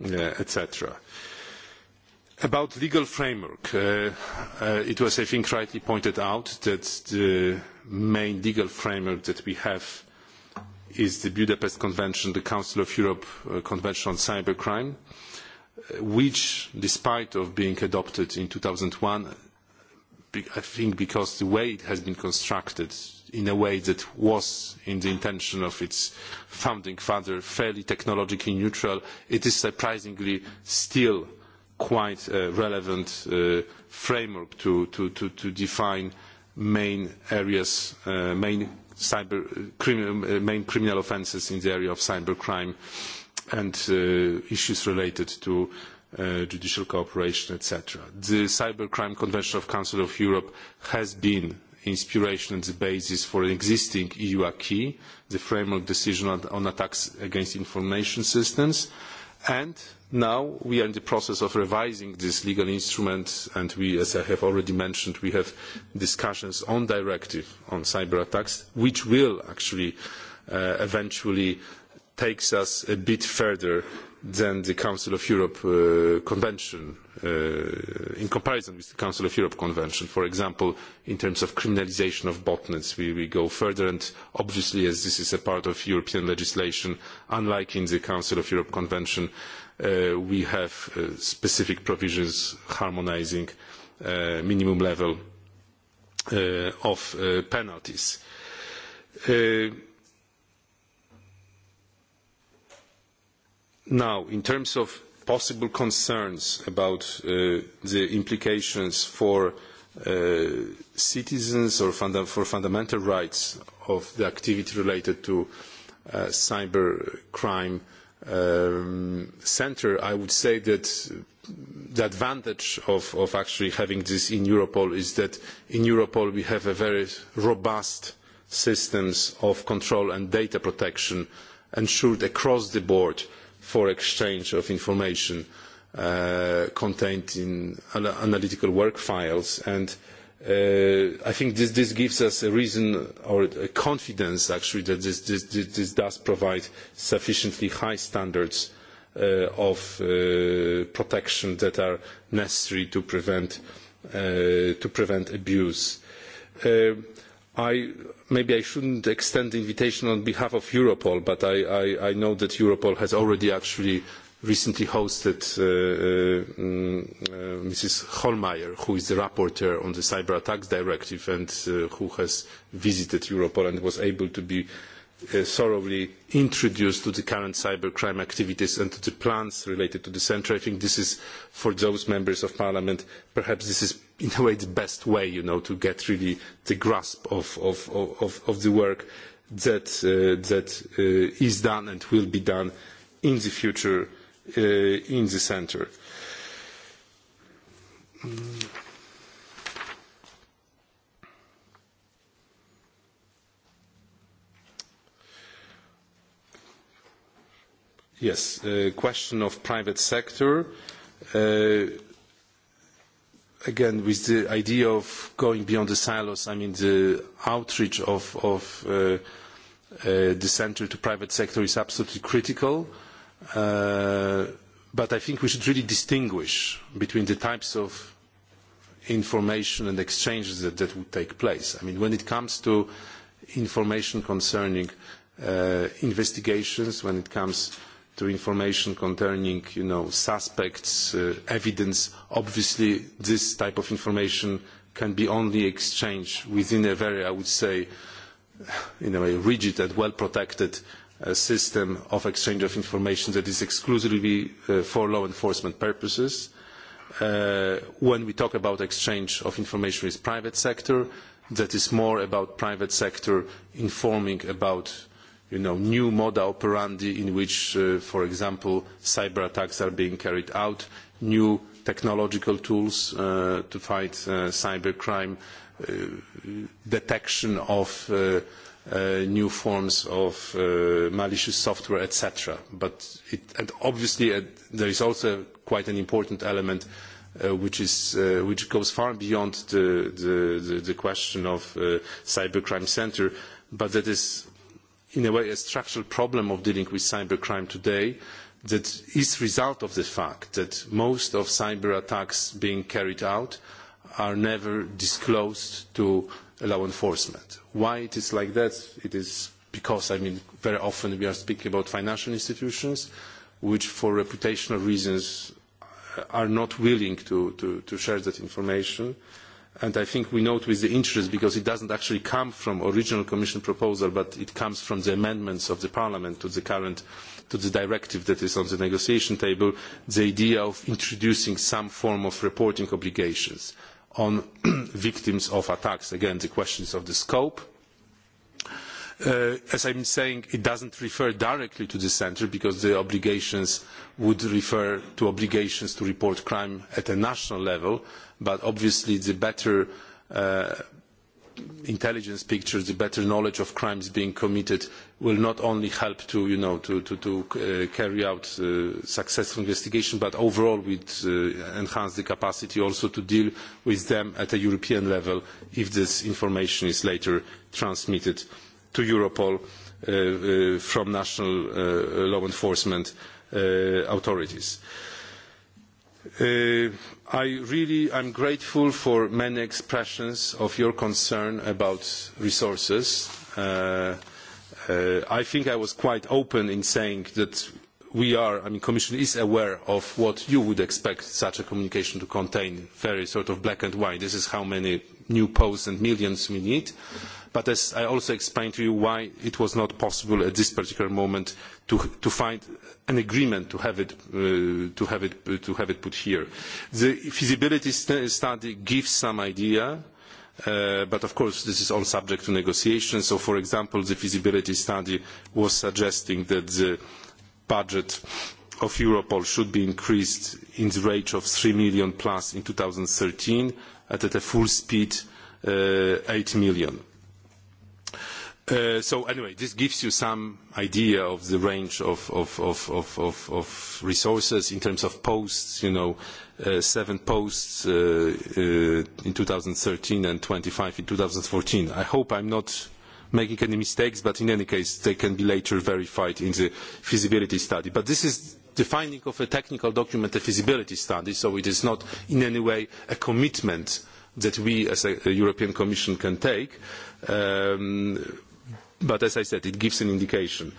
etc About legal framework, it was, I think, rightly pointed out that the main legal framework that we have is the Budapest Convention, the Council of Europe Convention on Cybercrime, which, despite of being adopted in two thousand one, I think because the way it has been constructed in a way that was in the intention of its founding father, fairly technologically neutral, it is surprisingly still quite a relevant framework to define main areas, main criminal offences in the area of cybercrime and issues related to judicial cooperation, cetera. The Cybercrime Convention of the Council of Europe has been inspiration and the basis for an existing EU acquis, the framework decision on attacks against information systems, and Now we are in the process of revising this legal instrument, and we, as I have already mentioned, we have discussions on directive on cyber attacks, which will actually eventually takes us a bit further than the Council of Europe Convention, in comparison with the Council of Europe Convention. For example, in terms of criminalisation of botnets, we, go further, and obviously, as this is a part of European legislation, unlike in the Council of Europe Convention, we have specific provisions harmonising the minimum level of penalties. Now, in terms of possible concerns about the implications for citizens or for fundamental rights of the activity related to cybercrime centre, I would say that the advantage of, actually having this in Europol is that in Europol we have a very robust systems of control and data protection ensured across the board for exchange of information contained in analytical work files and uh, I think this, this gives us a reason or a confidence actually that this, this, this does provide sufficiently high standards of protection that are necessary to prevent, to prevent abuse. I, maybe I shouldn't extend the invitation on behalf of Europol, but I, I, I know that Europol has already actually recently hosted Mrs. Hohlmeier, who is the rapporteur on the Cyber Attacks Directive and who has visited Europol and was able to be thoroughly introduced to the current cybercrime activities and to the plans related to the centre. I think this is, for those members of parliament, perhaps this is in a way the best way, to get really the grasp of, the work that, is done and will be done in the future in the centre. Yes, question of private sector. again, with the idea of going beyond the silos, I mean the outreach of, the centre to private sector is absolutely critical but I think we should really distinguish between the types of information and exchanges that, that would take place. I mean, when it comes to information concerning investigations, when it comes to information concerning, you know, suspects, evidence, obviously this type of information can be only exchanged within a very, I would say, in a way, rigid and well-protected system of exchange of information that is exclusively for law enforcement purposes. When we talk about exchange of information with private sector, that is more about private sector informing about new moda operandi in which, for example, cyber attacks are being carried out, new technological tools to fight cybercrime, detection of new forms of malicious software, etc. But it, and obviously, there is also quite an important element which is which goes far beyond the the, question of cybercrime center, but that is in a way a structural problem of dealing with cybercrime today that is a result of the fact that most of cyber attacks being carried out are never disclosed to uh, law enforcement. Why it is like that? It is because, I mean, very often we are speaking about financial institutions which for reputational reasons are not willing to, to, to share that information. And I think we note with the interest, because it doesn't actually come from original Commission proposal, but it comes from the amendments of the Parliament to the current, to the directive that is on the negotiation table, the idea of introducing some form of reporting obligations on victims of attacks. Again, the is of the scope. As I am saying, it does not refer directly to the centre because the obligations would refer to obligations to report crime at a national level, but obviously the better intelligence pictures, the better knowledge of crimes being committed will not only help to, carry out successful investigation, but overall would enhance the capacity also to deal with them at a European level if this information is later transmitted to Europol from national law enforcement authorities I really am grateful for many expressions of your concern about resources. I think I was quite open in saying that we are, I mean, Commission is aware of what you would expect such a communication to contain, very sort of black and white. This is how many new posts and millions we need. But as I also explained to you why it was not possible at this particular moment to, find an agreement to have it, to have it put here. The feasibility study gives some idea, but of course this is all subject to negotiation. So, for example, the feasibility study was suggesting that the budget of Europol should be increased in the range of three million plus in thirteen at a full speed, eight million So Anyway, this gives you some idea of the range of resources in terms of posts, you know, seven posts in 2013 and 25 in 2014. I hope I'm not making any mistakes, but in any case, they can be later verified in the feasibility study. But This is the finding of a technical document, a feasibility study, so it is not in any way a commitment that we as a European Commission can take but as I said, it gives an indication.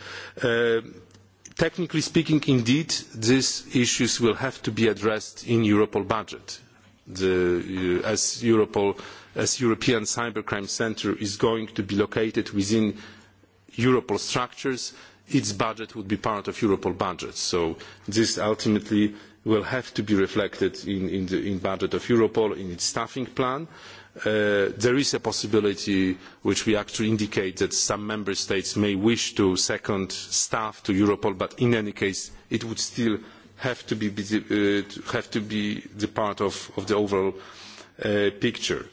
technically speaking, indeed, these issues will have to be addressed in Europol budget. as Europol, as European Cybercrime Centre is going to be located within Europol structures, its budget would be part of Europol budget. So this ultimately will have to be reflected in, the budget of Europol, in its staffing plan. Uh, there is a possibility which we actually indicate that some member states may wish to second staff to Europol, but in any case, it would still have to be, the part of, the overall picture.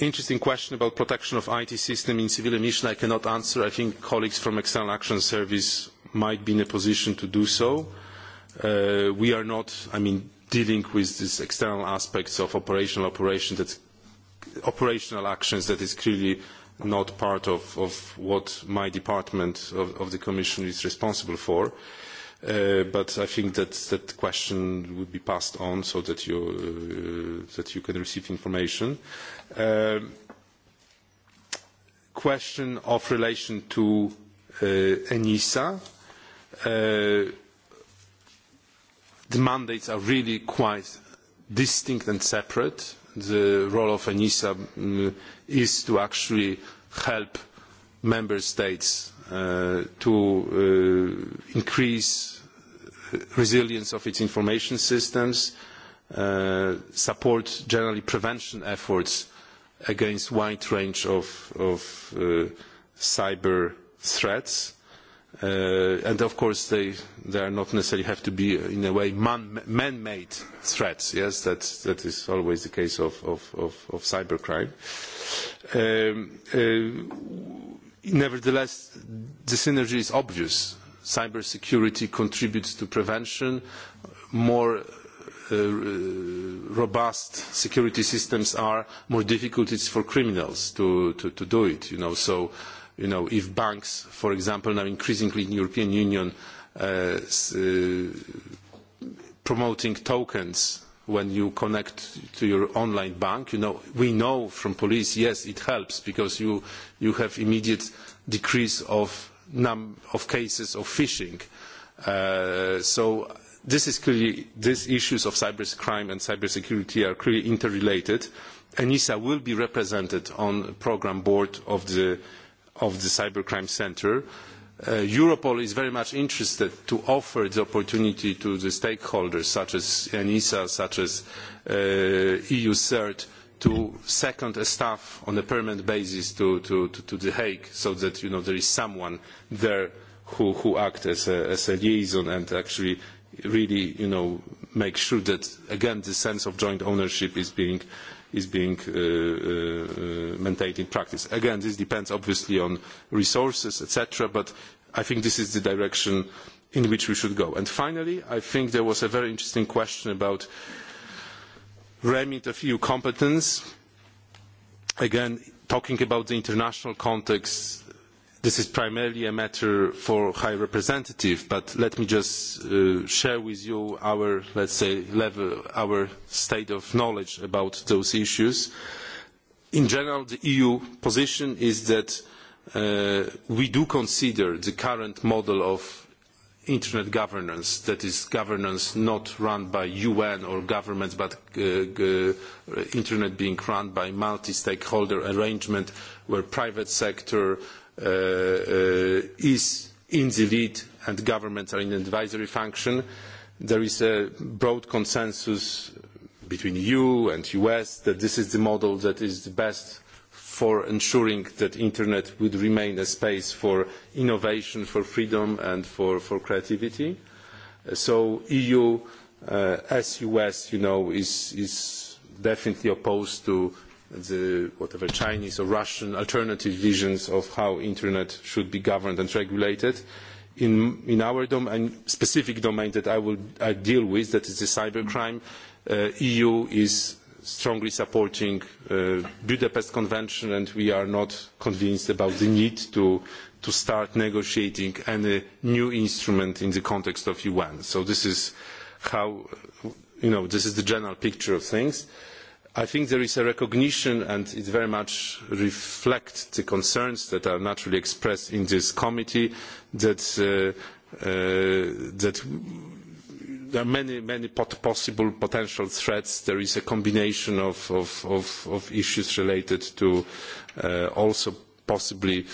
interesting question about protection of IT system in civilian mission. I cannot answer. I think colleagues from External Action Service might be in a position to do so. we are not, I mean, dealing with these external aspects of operational operation that operational actions that is clearly not part of, of what my department of, of the Commission is responsible for. but I think that that question would be passed on so that you, that you can receive information. question of relation to ENISA The mandates are really quite distinct and separate. The role of ENISA is to actually help member states to increase resilience of its information systems, support generally prevention efforts against wide range of cyber threats, and of course they they are not necessarily have to be in a way man made threats yes that that is always the case of of of, of cybercrime nevertheless the synergy is obvious cybersecurity contributes to prevention more robust security systems are more difficult is for criminals to to, to do it you know so uh, you know, if banks, for example, now increasingly in the European Union, uh, promoting tokens when you connect to your online bank, you know, we know from police, yes, it helps because you, you have immediate decrease of, num of cases of phishing. Uh, so this is clearly, these issues of cybercrime and cybersecurity are clearly interrelated. ENISA will be represented on the program board of the of the Cybercrime Centre. Europol is very much interested to offer the opportunity to the stakeholders such as ENISA, such as EU CERT, to second a staff on a permanent basis to, The Hague so that there is someone there who, who acts as a, as a liaison and actually really you know, make sure that again the sense of joint ownership is being uh, is being maintained in practice. Again, this depends obviously on resources, etc., but I think this is the direction in which we should go. And finally, I think there was a very interesting question about remit of EU competence. Again, talking about the international context, this is primarily a matter for High Representative, but let me just share with you our, let's say, level, our state of knowledge about those issues. In general, the EU position is that we do consider the current model of internet governance, that is governance not run by UN or governments, but internet being run by multi-stakeholder arrangement where private sector, is in the lead and governments are in an advisory function. There is a broad consensus between the EU and the US that this is the model that is the best for ensuring that the internet would remain a space for innovation, for freedom and for, creativity. So EU, as US, you know, is, is definitely opposed to the whatever Chinese or Russian alternative visions of how internet should be governed and regulated. In, in our domain, specific domain that I will I deal with, that is the cybercrime, uh, EU is strongly supporting the Budapest Convention and we are not convinced about the need to, start negotiating any new instrument in the context of the UN. So this is how, you know, this is the general picture of things. Uh, I think there is a recognition, and it very much reflects the concerns that are naturally expressed in this committee, that, there are many, many possible potential threats. There is a combination of, issues related to also possibly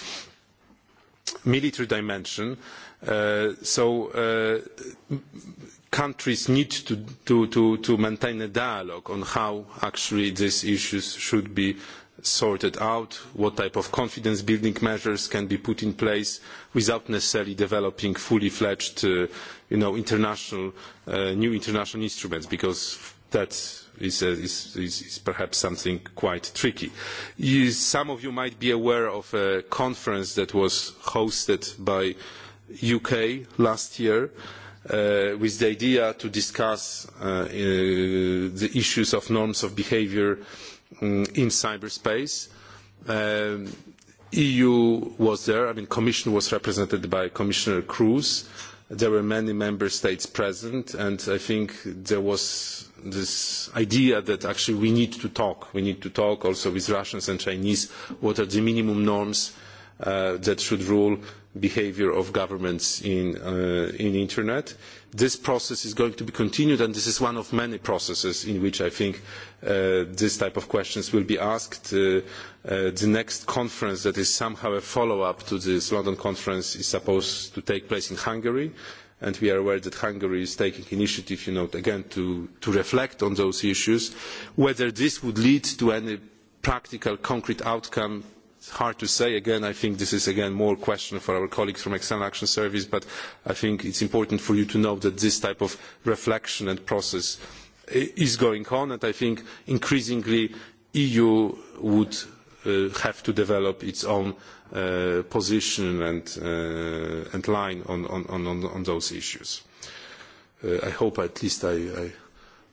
military dimension. Uh, so countries need to, maintain a dialogue on how actually these issues should be sorted out, what type of confidence building measures can be put in place without necessarily developing fully fledged new international instruments because that is, perhaps something quite tricky. some of you might be aware of a conference that was hosted by uh, UK last year with the idea to discuss the issues of norms of behaviour in cyberspace. The EU was there, I mean, Commission was represented by Commissioner Kroes. There were many member states present, and I think there was this idea that actually we need to talk. We need to talk also with Russians and Chinese what are the minimum norms that should rule behaviour of governments in, the internet. This process is going to be continued and this is one of many processes in which I think this type of questions will be asked. the next conference that is somehow a follow-up to this London conference is supposed to take place in Hungary and we are aware that Hungary is taking initiative, again, to, reflect on those issues. Whether this would lead to any practical, concrete outcome is hard to say. Again, I think this is again more a question for our colleagues from External Action Service, but I think it's important for you to know that this type of reflection and process is going on, and I think increasingly EU would have to develop its own position and line on those issues. I hope at least I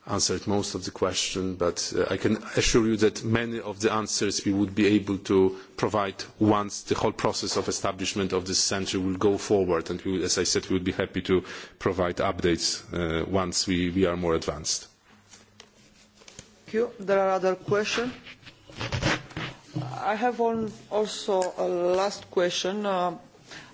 answered most of the question, but I can assure you that many of the answers we would be able to provide once the whole process of establishment of this center will go forward. And we, as I said, we would be happy to provide updates once we, are more advanced. Thank you. There are other I have also a last question.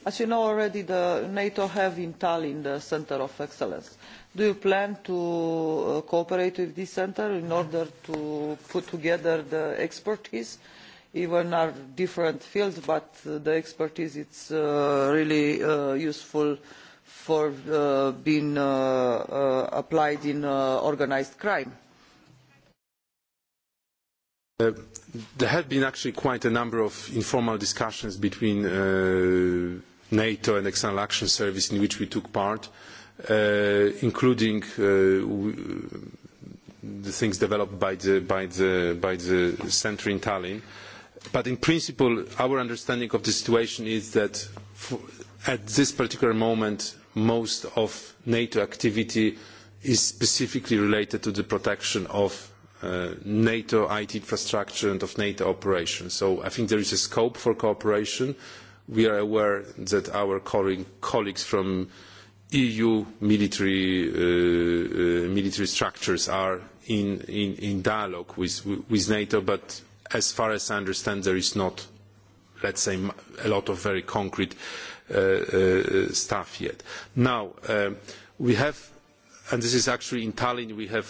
as you know already, the NATO have in Tallinn the Center of Excellence do you plan to cooperate with this centre in order to put together the expertise? Even our different fields, but the expertise is really useful for being applied in organised crime. There have been actually quite a number of informal discussions between NATO and the External Action Service in which we took part. Uh, uh including the things developed by the by by the the centre in Tallinn. But in principle, our understanding of the situation is that at this particular moment, most of NATO activity is specifically related to the protection of NATO IT infrastructure and of NATO operations. So I think there is a scope for cooperation. We are aware that our colleagues from uh, EU military, structures are in, dialogue with, NATO, but as far as I understand, there is not, let's say, a lot of very concrete stuff yet. Now, we have, and this is actually in Tallinn, we have,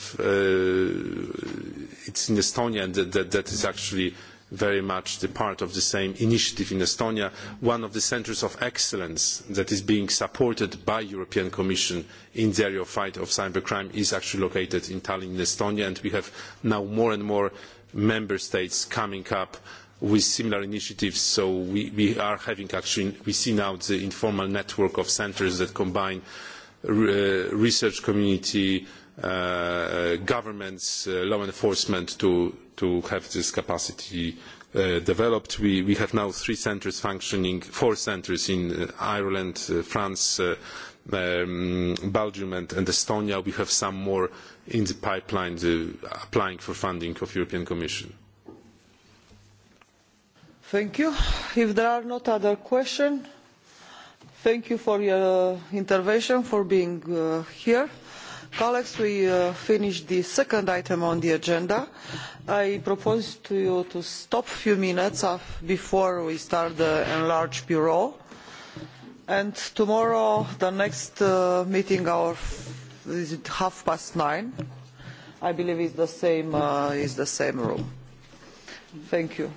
it's in Estonia, and that, that is actually very much the part of the same initiative in Estonia, one of the centres of excellence that is being supported by the European Commission in the area of fight of cybercrime is actually located in Tallinn, Estonia, and we have now more and more member states coming up with similar initiatives. So we, we are having actually, we see now the informal network of centres that combine research community, governments, law enforcement to have this capacity developed. We have now three centres functioning, four centres in Ireland, France, Belgium and Estonia. We have some more in the pipeline applying for funding of European Commission. Thank you. If there are no other questions, thank you for your intervention, for being here Colleagues, we finished the second item on the agenda. I propose to you to stop a few minutes before we start the enlarged bureau. And tomorrow, the next meeting is at half past nine. I believe it's is the same room. Thank you.